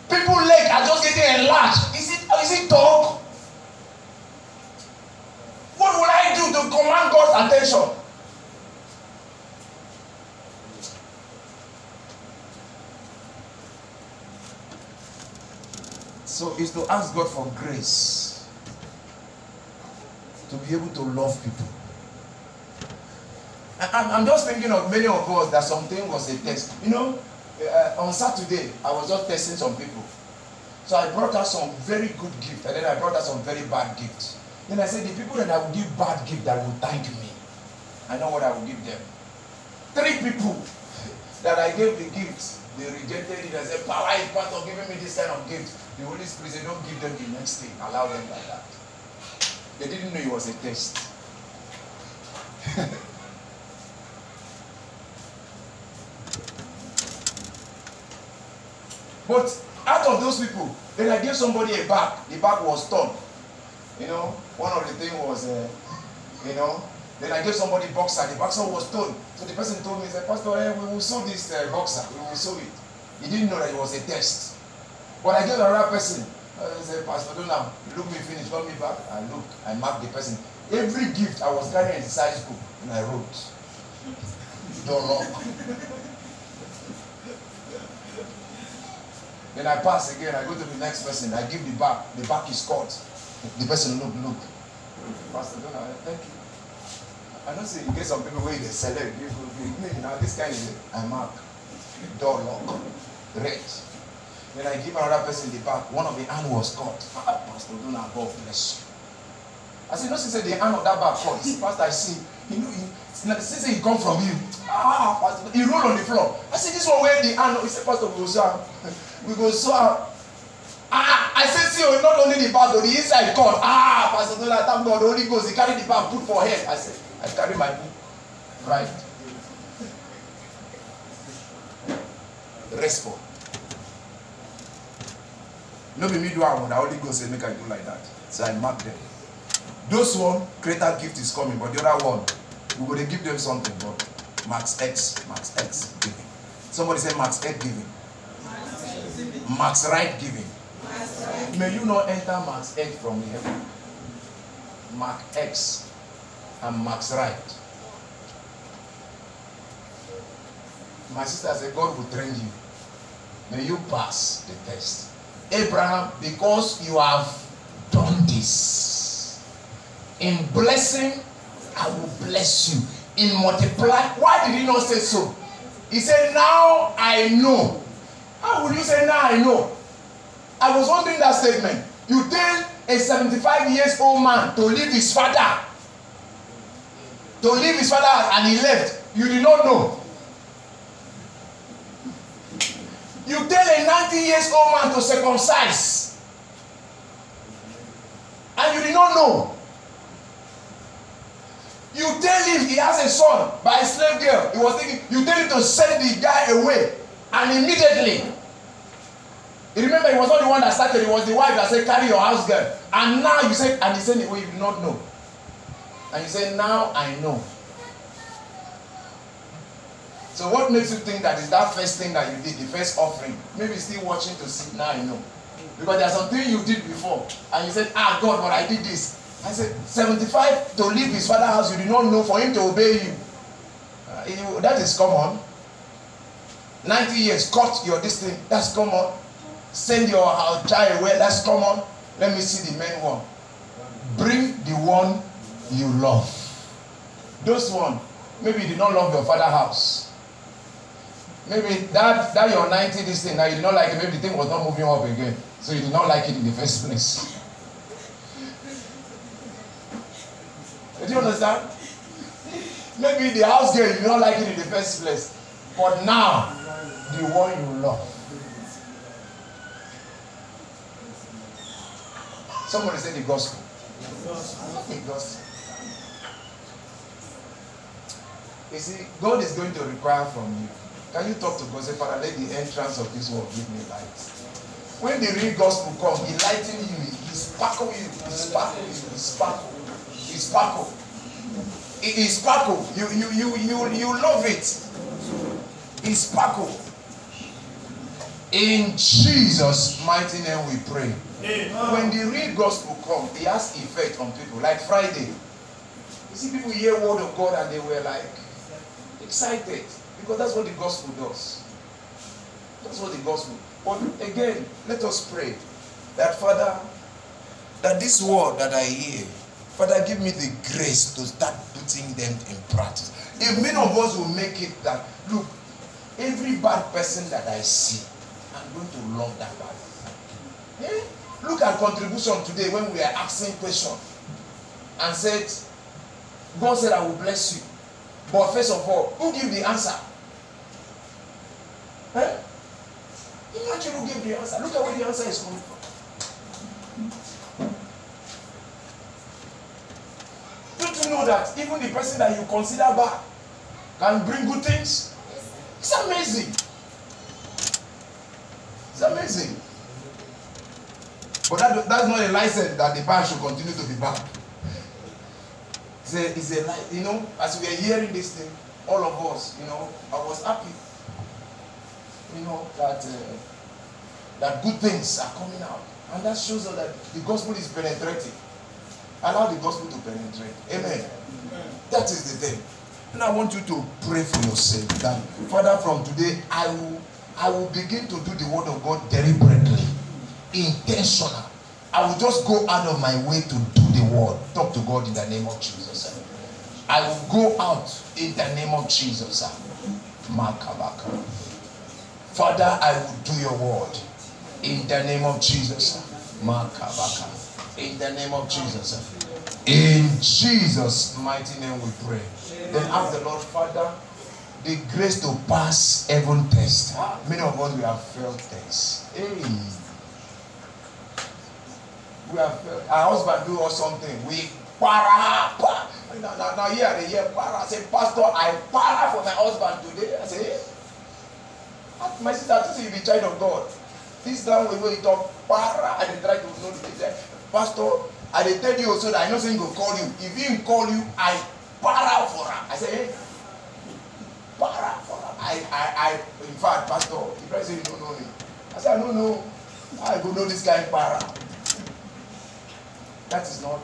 People legs are just getting enlarged. Is it is it talk? What will I do to command God's attention? So it's to ask God for grace to be able to love people. I'm, just thinking of many of us that something was a test. You know, uh, on Saturday, I was just testing some people. So I brought out some very good gift and then I brought out some very bad gifts. Then I said, The people that I will give bad gift that will thank me, I know what I will give them. Three people that I gave the gifts, they rejected it I said, Power is part of giving me this kind of gift. The Holy Spirit said, Don't give them the next thing. Allow them like that. They didn't know it was a test. but out of those people, then I gave somebody a bag. The bag was torn. You know, one of the things was, uh, you know, then I gave somebody boxer. The boxer was torn. So the person told me, he said, Pastor, eh, we will sew this uh, boxer. We will sew it. He didn't know that it was a test. But I gave another person. I said, Pastor, do now. Look me finish. Call me back. I looked. I marked the person. Every gift I was carrying in the size book, and I wrote, Don't lock. then I pass again. I go to the next person. I give the back. The back is caught. the person look look pastor don i thank you i know say you get some people where they dey select you go be make na this guy is i mark door lock red then i give another person the bag one of the hand was cut ah, pastor don above bless you i say no see say the hand of that bag cut see pastor i see you know he see say come from you ah pastor e roll on the floor i say this one where the hand he say pastor we go sew we go sew am so oh, not only the bag but the inside cut ah pastor tola thank god holy ghost he carried the bag put for head i said, i carry my book right rest for no be me do am na holy ghost say make i do like that so i mark them those one greater gift is coming but the other one we go dey give them something but max x max x giving somebody say max x giving max right giving. may you not enter Mark X from heaven. Mark X and Mark's Right. My sister said, God will train you. May you pass the test. Abraham, because you have done this, in blessing, I will bless you. In multiply, why did he not say so? He said, Now I know. How would you say, Now I know? I was wondering that statement. You tell a 75 years old man to leave his father, to leave his father, and he left. You did not know. You tell a 90 years old man to circumcise, and you did not know. You tell him he has a son by a slave girl. He was thinking, you tell him to send the guy away, and immediately You remember, he was not the one that started, it was the wife that said, Carry your house girl. And now you say, and he said, Well, you did not know. And you say, Now I know. So what makes you think that is that first thing that you did, the first offering? Maybe still watching to see, now I know. Because there's something you did before, and you said, Ah God, but I did this. I said, "Seventy-five to leave his father house, you did not know for him to obey you. Uh, you that is common. Ninety years, cut your this thing, that's common. Send your child away. Let's come on. Let me see the main one. Bring the one you love. Those one, maybe you did not love your father house. Maybe that that your 90 this thing, now you did not like it, maybe the thing was not moving up again. So you did not like it in the first place. Do you understand? Maybe the house girl you did not like it in the first place. But now, the one you love. Somebody said the gospel. the gospel. You see, God is going to require from you. Can you talk to God? Say, Father, let the entrance of this world give me light. When the real gospel comes, He lighten you, He sparkles you, He sparkles, you, He sparkle, He sparkle. He sparkle. You, you, you, you, you love it. He sparkles. In Jesus' mighty name we pray. When the real gospel comes, it has effect on people. Like Friday. You see, people hear word of God and they were like excited. Because that's what the gospel does. That's what the gospel. But again, let us pray that Father, that this word that I hear, Father, give me the grace to start putting them in practice. If many of us will make it that, look, every bad person that I see, I'm going to love that bad person. Yeah? Look at contribution today when we are asking question and said, God said, I will bless you. But first of all, who give the answer? Eh? Imagine who give the answer. Look at where the answer is coming from. Don't you know that even the person that you consider bad can bring good things? It's amazing. It's amazing. But that, that's not a license that the bank should continue to be bad. It's a, it's a, you know, as we are hearing this thing, all of us, you know, I was happy, you know, that uh, that good things are coming out, and that shows us that the gospel is penetrating. Allow the gospel to penetrate. Amen. Amen. That is the thing. And I want you to pray for yourself that Father, from today I will I will begin to do the word of God deliberately intentional. I will just go out of my way to do the word. Talk to God in the name of Jesus. I will go out in the name of Jesus. Father, I will do your word in the name of Jesus. In the name of Jesus. In Jesus' mighty name we pray. Then ask the Lord, Father, the grace to pass every test. Many of us we have failed tests. Hey we have uh, our husband do or something we para now now, now here they hear para I say pastor i para for my husband today i say hey ah, my sister you you be child of god this down we will you talk para i they try to know the thing pastor i tell you also that i know something will call you if he call you i para for her. i say hey para for her. i i i in fact pastor you do no know me i say i don't know i go know this guy para. That is not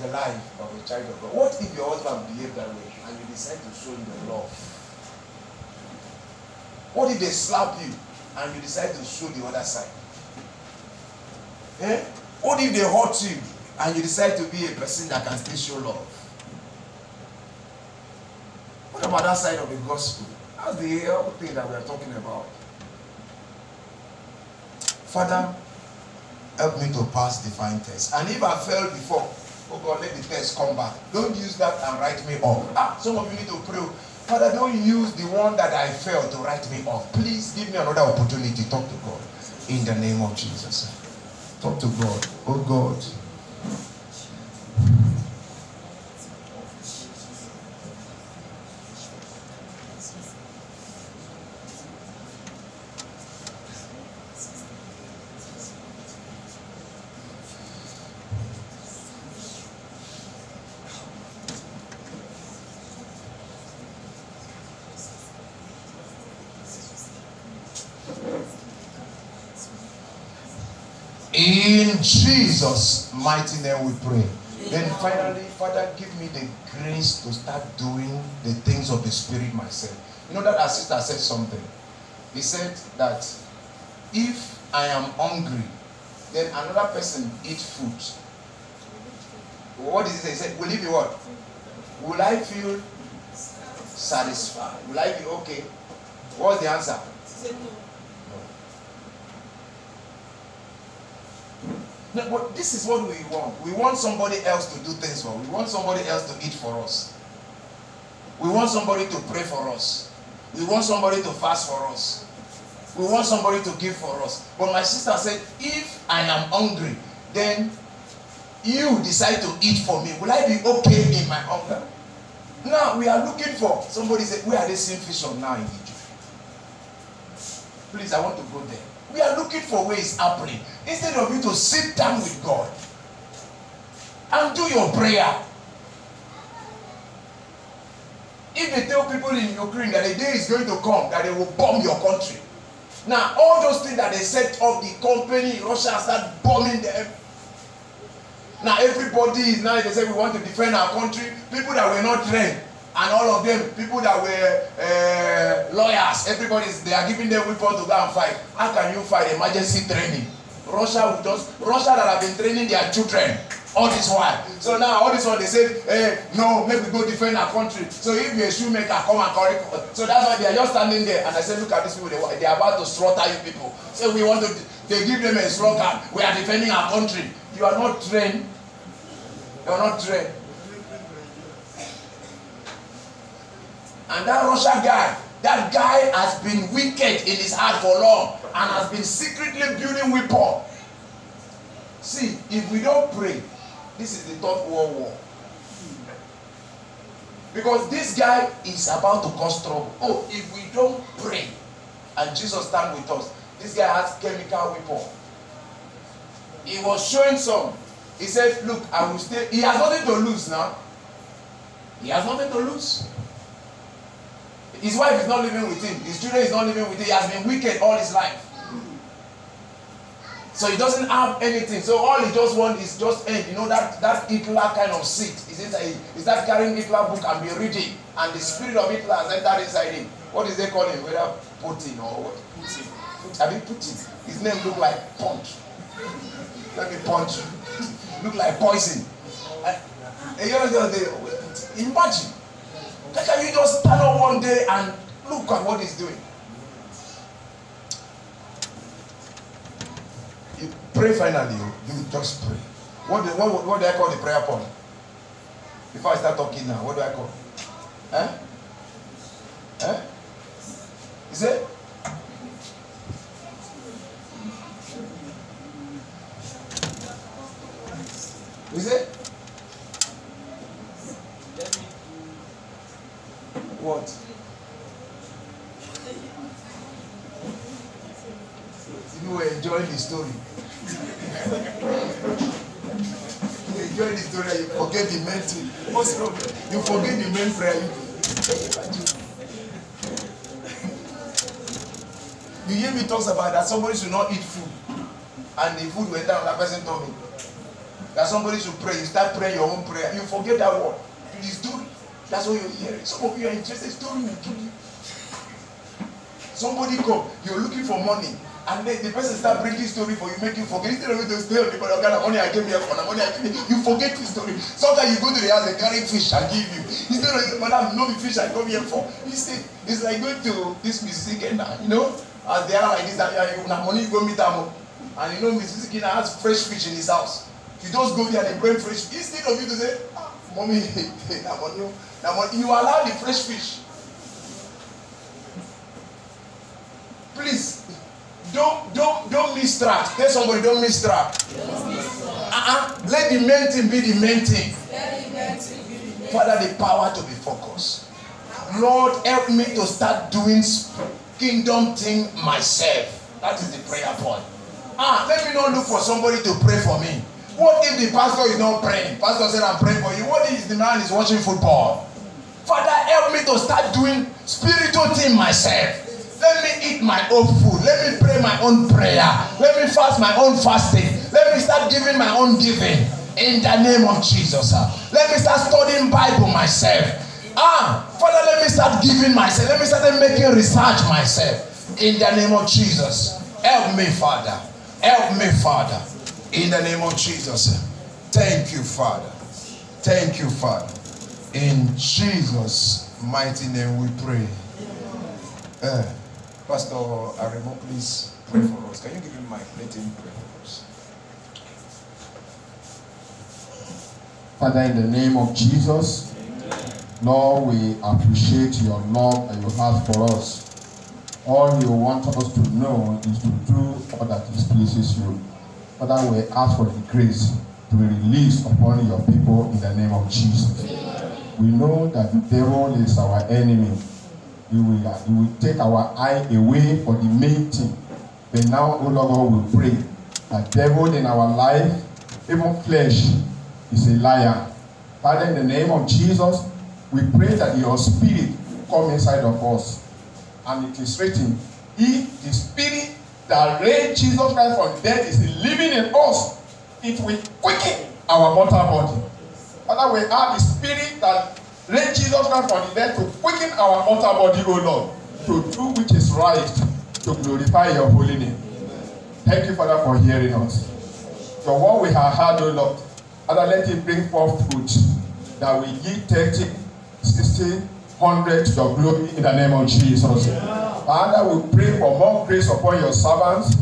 the life of a child of God. What if your husband behaved that way and you decide to show him the love? What if they slap you and you decide to show the other side? Eh? What if they hurt you and you decide to be a person that can still show love? What about that side of the gospel? That's the whole thing that we are talking about. Father, Help me to pass the fine test. And if I failed before, oh God, let the test come back. Don't use that and write me off. Ah, some of you need to pray. Father, don't use the one that I failed to write me off. Please give me another opportunity. Talk to God. In the name of Jesus. Talk to God. Oh God. mighty name we pray. Then finally, Father, give me the grace to start doing the things of the Spirit myself. You know that our sister said something. He said that if I am hungry, then another person eat food. What it? he say? He said, Will it be what? Will I feel satisfied? Will I be okay? What's the answer? But This is what we want. We want somebody else to do things for. We want somebody else to eat for us. We want somebody to pray for us. We want somebody to fast for us. We want somebody to give for us. But my sister said, if I am hungry, then you decide to eat for me. Will I be okay in my hunger? Now we are looking for somebody said, Where are they seeing fish on now in Egypt? Please, I want to go there. We are looking for where it's happening. instead of you to sit down with God and do your prayer. If they tell people in Ukraine that a day is going to come that they will bomb your country, now all those things that they set up, the company Russia start bombing them. Now everybody is now they say we want to defend our country. People that were not trained and all of them people that were uh, lawyers, everybody they are giving them weapons to go and fight. How can you fight emergency training? Russia will just Russia that have been training their children all this while. So now all this one they say, hey, eh, no, maybe go defend our country. So if you're a shoemaker, come and correct. So that's why they are just standing there and I say, look at these people, they, they are about to slaughter you people. So we want to, they give them a slogan, we are defending our country. You are not trained. You are not trained. And that Russia guy, that guy has been wicked in his heart for long and has been secretly building with Paul. See, if we don't pray, this is the third world war. Because this guy is about to cause trouble. Oh, if we don't pray and Jesus stand with us, this guy has chemical weapon. He was showing some. He said, Look, I will stay. He has nothing to lose now. He has nothing to lose. His wife is not living with him. His children is not living with him. He has been wicked all his life. So he doesn't have anything. So all he just want is just end. You know that that Hitler kind of seat. Is it a, is that carrying Hitler book and be reading? And the spirit of Hitler has entered inside him. What is they calling Whether Putin or what? Putin. I mean Putin. His name look like punch. Let me punch. look like poison. And, eh, eh, you know, imagine How can you just stand up one day and look at what he's doing? You pray finally, you just pray. What do, what, what do I call the prayer point? Before I start talking now, what do I call? Huh? Huh? Is it? Is it? what? You will enjoying the story. you enjoy the story you forget the main thing. What's wrong? You forget the main prayer. You hear me talks about that somebody should not eat food and the food went down that person told me that somebody should pray you start praying your own prayer you forget that word It is doing. That's what you're hearing. Some of oh, you are interested. Story will kill you. Somebody come, you're looking for money, and then the person start bringing story for you, make you forget. Instead of you to stay on the money I came here for, the money I came here, you forget the story. Sometimes you go to the house, they carry fish, I give you. Instead of, madam, no fish I come here for. You see, it's like going to this musician, you know, as they are like this, and you have money, you go meet them. And you know, Mrs. Kina has fresh fish in his house. You just go there and bring fresh. Instead of you to say, Mummy, Mommy, you allow the fresh fish. Please, don't don't don't miss track. Tell somebody don't miss track. Uh-uh. Let the main thing be the main thing. Father, the power to be focused. Lord, help me to start doing kingdom thing myself. That is the prayer point. Ah, let me not look for somebody to pray for me. What if the pastor is not praying? Pastor said, I'm praying for you. What if the man is watching football? Father, help me to start doing spiritual thing myself. Let me eat my own food. Let me pray my own prayer. Let me fast my own fasting. Let me start giving my own giving. In the name of Jesus. Let me start studying Bible myself. Ah, Father, let me start giving myself. Let me start making research myself. In the name of Jesus. Help me, Father. Help me, Father. In the name of Jesus. Thank you, Father. Thank you, Father. In Jesus' mighty name we pray. Uh, Pastor Arimo, please pray for us. Can you give him my Let prayer pray for us. Father, in the name of Jesus, Amen. Lord, we appreciate your love that you have for us. All you want us to know is to do all that displeases you. Father, we ask for the grace to be released upon your people in the name of Jesus. We know that the devil is our enemy. You will, you will take our eye away for the main thing. But now, O Lord God, we pray that devil in our life, even flesh, is a liar. Father, in the name of Jesus, we pray that your spirit come inside of us. And it is written, if the spirit that raised Jesus Christ from death is living in us. It will quicken our mortal body. Father, we have the Spirit that raised Jesus Christ from the dead to quicken our mortal body, O Lord, to do which is right, to glorify your holy name. Thank you, Father, for hearing us. For what we have heard, O Lord, Father, let it bring forth fruit that we yield 30, 60, Hundred to your glory in the name of Jesus. Father, we pray for more grace upon your servants,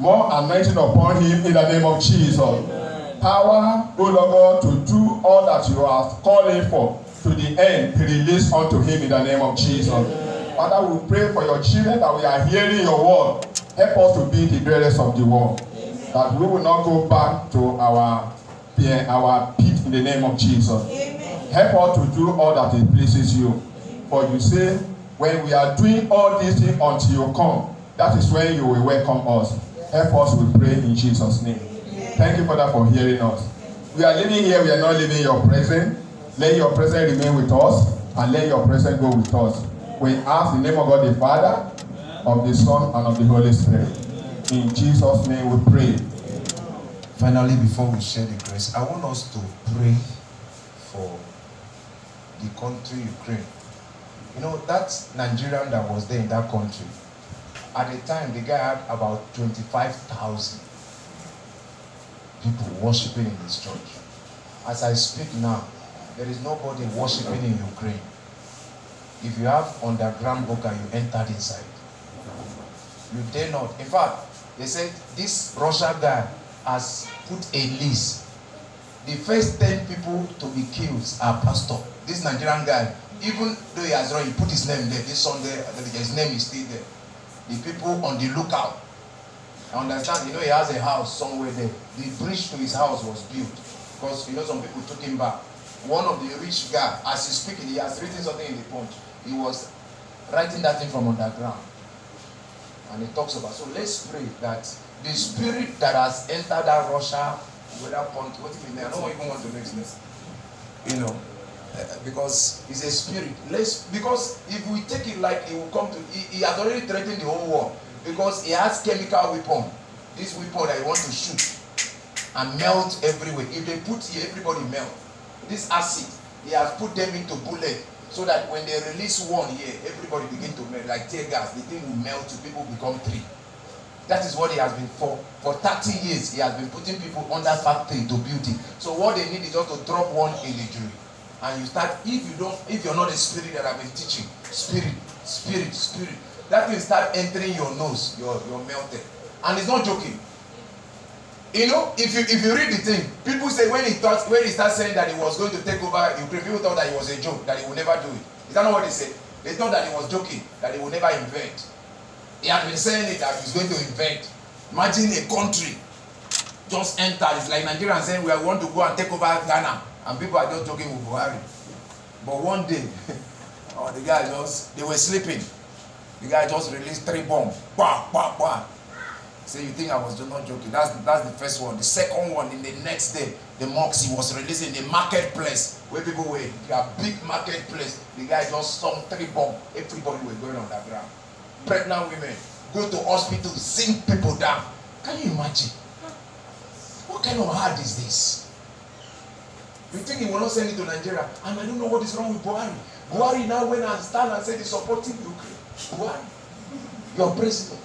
more anointing upon him in the name of Jesus. Power, O Lord God, to do all that you are calling for to the end, to release unto him in the name of Jesus. Father, we pray for your children that we are hearing your word. Help us to be the greatest of the world. That we will not go back to our, our pit in the name of Jesus. Amen. Help us to do all that it pleases you. For you say, when we are doing all these things until you come, that is when you will welcome us. Help us, we pray in Jesus' name. Thank you, Father, for hearing us. We are living here, we are not living your presence. Let your presence remain with us and let your presence go with us. We ask in the name of God the Father, of the Son, and of the Holy Spirit. In Jesus' name we pray. Finally, before we share the grace, I want us to pray for the country Ukraine. You know, that Nigerian that was there in that country, at the time, the guy had about 25,000 people worshiping in his church. As I speak now, there is nobody worshiping in Ukraine. If you have underground book you entered inside, you dare not. In fact, they said this Russia guy has put a list. The first 10 people to be killed are pastor. This Nigerian guy even though he has run, he put his name there. This Sunday, his name is still there. The people on the lookout. I understand, you know, he has a house somewhere there. The bridge to his house was built. Because, you know, some people took him back. One of the rich guy, as he's speaking, he has written something in the punch. He was writing that thing from underground. And he talks about, so let's pray that the spirit that has entered that Russia, whether point, what if they don't even want to know this, you know, Eh, because it's a spirit. Let's because if we take it like it will come to he, he has already threatened the whole world because he has chemical weapon. This weapon that he want to shoot and melt everywhere. If they put here, everybody melt. This acid, he has put them into bullet so that when they release one here, everybody begin to melt like tear gas. The thing will melt to people become three. That is what he has been for. For 30 years, he has been putting people under factory to building. So what they need is just to drop one illegally and you start if you don't if you're not the spirit that i've been teaching spirit spirit spirit that will start entering your nose your you're melted and it's not joking you know if you if you read the thing people say when he thought when he start saying that he was going to take over ukraine people thought that he was a joke that he would never do it is that not what they said they thought that he was joking that he would never invent he had been saying it that he's going to invent imagine a country just enter it's like nigerians saying we want to go and take over ghana and people are just talking with Buhari. But one day, oh, the guy just, they were sleeping. The guy just released three bombs. Bah, bah, bah. Say, so you think I was just not joking? That's, that's the first one. The second one, in the next day, the mocks was released in the marketplace where people were, a big marketplace. The guy just stung three bombs. Everybody was going on the ground. Pregnant women go to hospital, sink people down. Can you imagine? What kind of hard is this? You think he will not send it to Nigeria? And I don't know what is wrong with Buhari. Buhari now went and stand and said he's supporting Ukraine. Buhari, your president.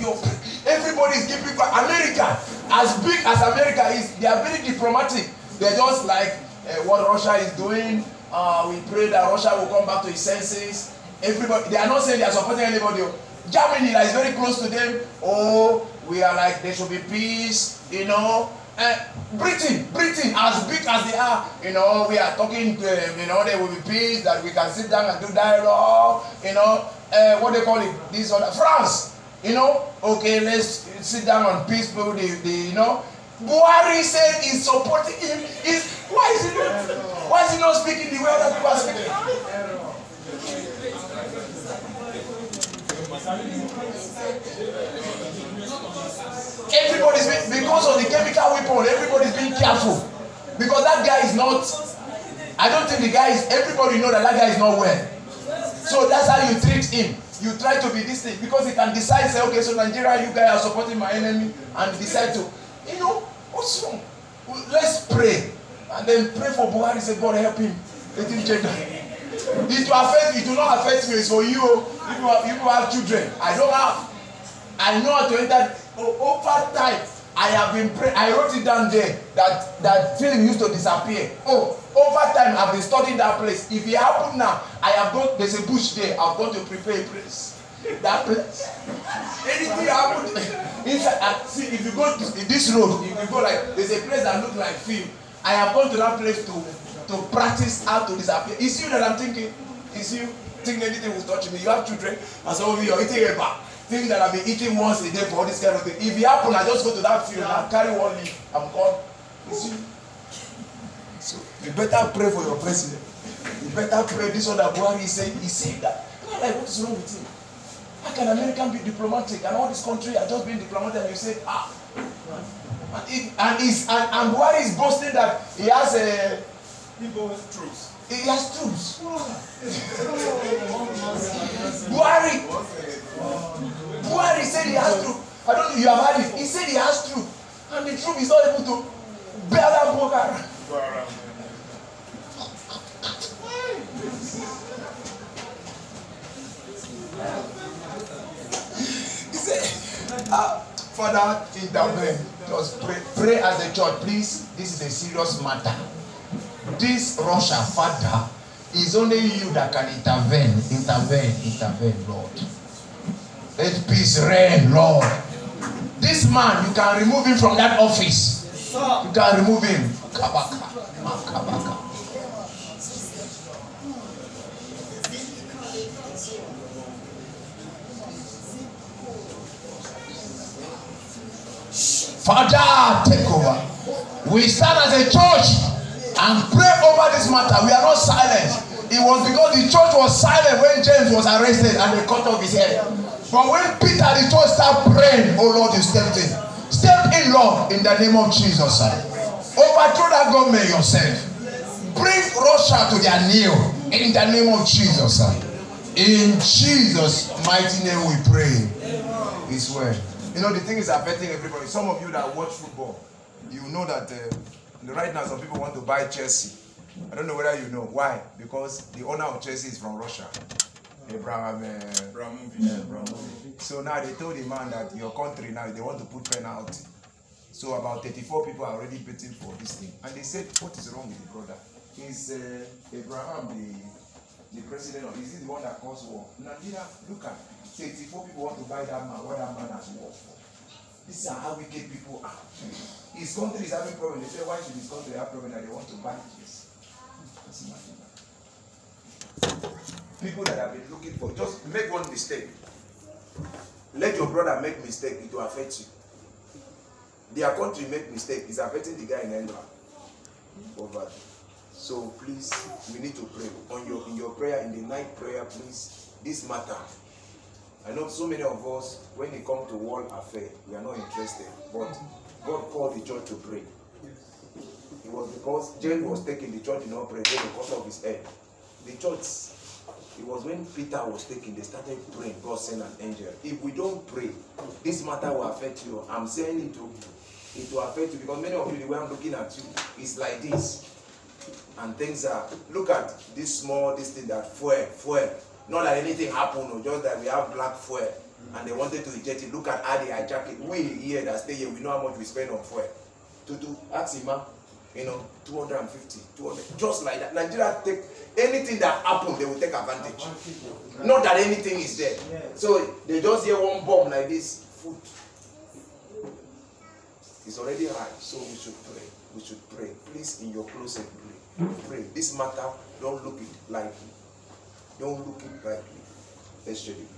Your, everybody is keeping back. America, as big as America is, they are very diplomatic. They're just like uh, what Russia is doing. Uh, we pray that Russia will come back to its senses. Everybody, they are not saying they are supporting anybody. Germany that is very close to them. Oh, We are like, there should be peace, you know. And eh, Britain, Britain, as big as they are, you know, we are talking to them, you know, there will be peace that we can sit down and do dialogue, you know, uh, what they call it, this or that. France, you know, okay, let's sit down on peace, but they, they, you know. Buhari said he's supporting, him. He's, why is he not, why is he not speaking the way other people are speaking? Everybody's being, because of the chemical weapon, everybody's being careful. Because that guy is not, I don't think the guy is, everybody know that that guy is not well. So that's how you treat him. You try to be this thing because he can decide, say, okay, so Nigeria, you guys are supporting my enemy, and decide to, you know, what's wrong? Let's pray. And then pray for Buhari, say, God help him. Let him change It will affect, it will not affect me, it's for you. Oh. If you have, if you have children, I don't have. I know how to enter over time I have been pray I wrote it down there that that feeling used to disappear oh over time I been studying that place if it happen now I have gone there is a bush there I have to prepare a place that place anything happen inside I see if you go to this road if you go like there is a place that look like field I have gone to that place to to practice how to disappear is you that I'm thinking is you think anything will touch me you have children As some of you are eating eba Thing that I've been eating once a day for all this kind of thing. If it happen, I just go to that field yeah. and carry one leaf. I'm gone. It's you. So you better pray for your president. You better pray this one that Buhari is saying. He said that. I'm like, what is wrong with him? How can American be diplomatic and all this country are just being diplomatic and you say, ah. And, it, and, is, and, and Buhari is boasting that he has a... He boasts troops. He has troops. Buhari. Buhari said he has truth. I don't know, you have heard it. He said he has truth. And the troop is not able to bear that Boko he said, uh, ah, Father, intervene. Just pray, pray as a church. Please, this is a serious matter. This Russia, Father, is only you that can intervene, intervene, intervene, Lord. Let peace reign, Lord. This man, you can remove him from that office. You can remove him. Kabaka. Father, take over. We stand as a church and pray over this matter. We are not silent. It was because the church was silent when James was arrested and they cut off his head. But when Peter the first started praying, oh Lord, you stepped in. Step in, Lord, in the name of Jesus. Overthrow that government yourself. Bring Russia to their knee in the name of Jesus. In Jesus' mighty name we pray. His word. You know, the thing is affecting everybody. Some of you that watch football, you know that uh, right now some people want to buy Chelsea. I don't know whether you know. Why? Because the owner of Chelsea is from Russia. Abraham, uh, Abraham, yeah, eh, Abraham. So now they told the man that your country now they want to put penalty. So about 34 people are already betting for this thing. And they said, what is wrong with the brother? Is uh, Abraham the, the president of, is he the one that caused war? Nadira, look at 34 people want to buy that man, what that man has worked for. These are how wicked people are. His country is having problem. They say, why should his country have problem that they want to buy this? people that have been looking for. Just make one mistake. Let your brother make mistake, it will affect you. Their country make mistake, it's affecting the guy in England. Over. So please, we need to pray. On your in your prayer, in the night prayer, please, this matter. I know so many of us, when it comes to world affair, we are not interested. But God called the church to pray. It was because James was taking the church in not pray because of his head. The church it was when Peter was taken, they started praying. God sent an angel. If we don't pray, this matter will affect you. I'm saying it to it will affect you because many of you, the way I'm looking at you, is like this. And things are look at this small this thing that fuel, fuel. Not that anything happened, no, just that we have black fuel. And they wanted to reject it. Look at how they hijack it. We here that stay here, we know how much we spend on fuel. To do, ask him, you know, 250, 200, just like that. Nigeria take anything that happens, they will take advantage. Not that anything is there. So they just hear one bomb like this, foot. It's already high, so we should pray. We should pray. Please, in your closet, pray. Pray. This matter, don't look it lightly. Don't look it lightly. Let's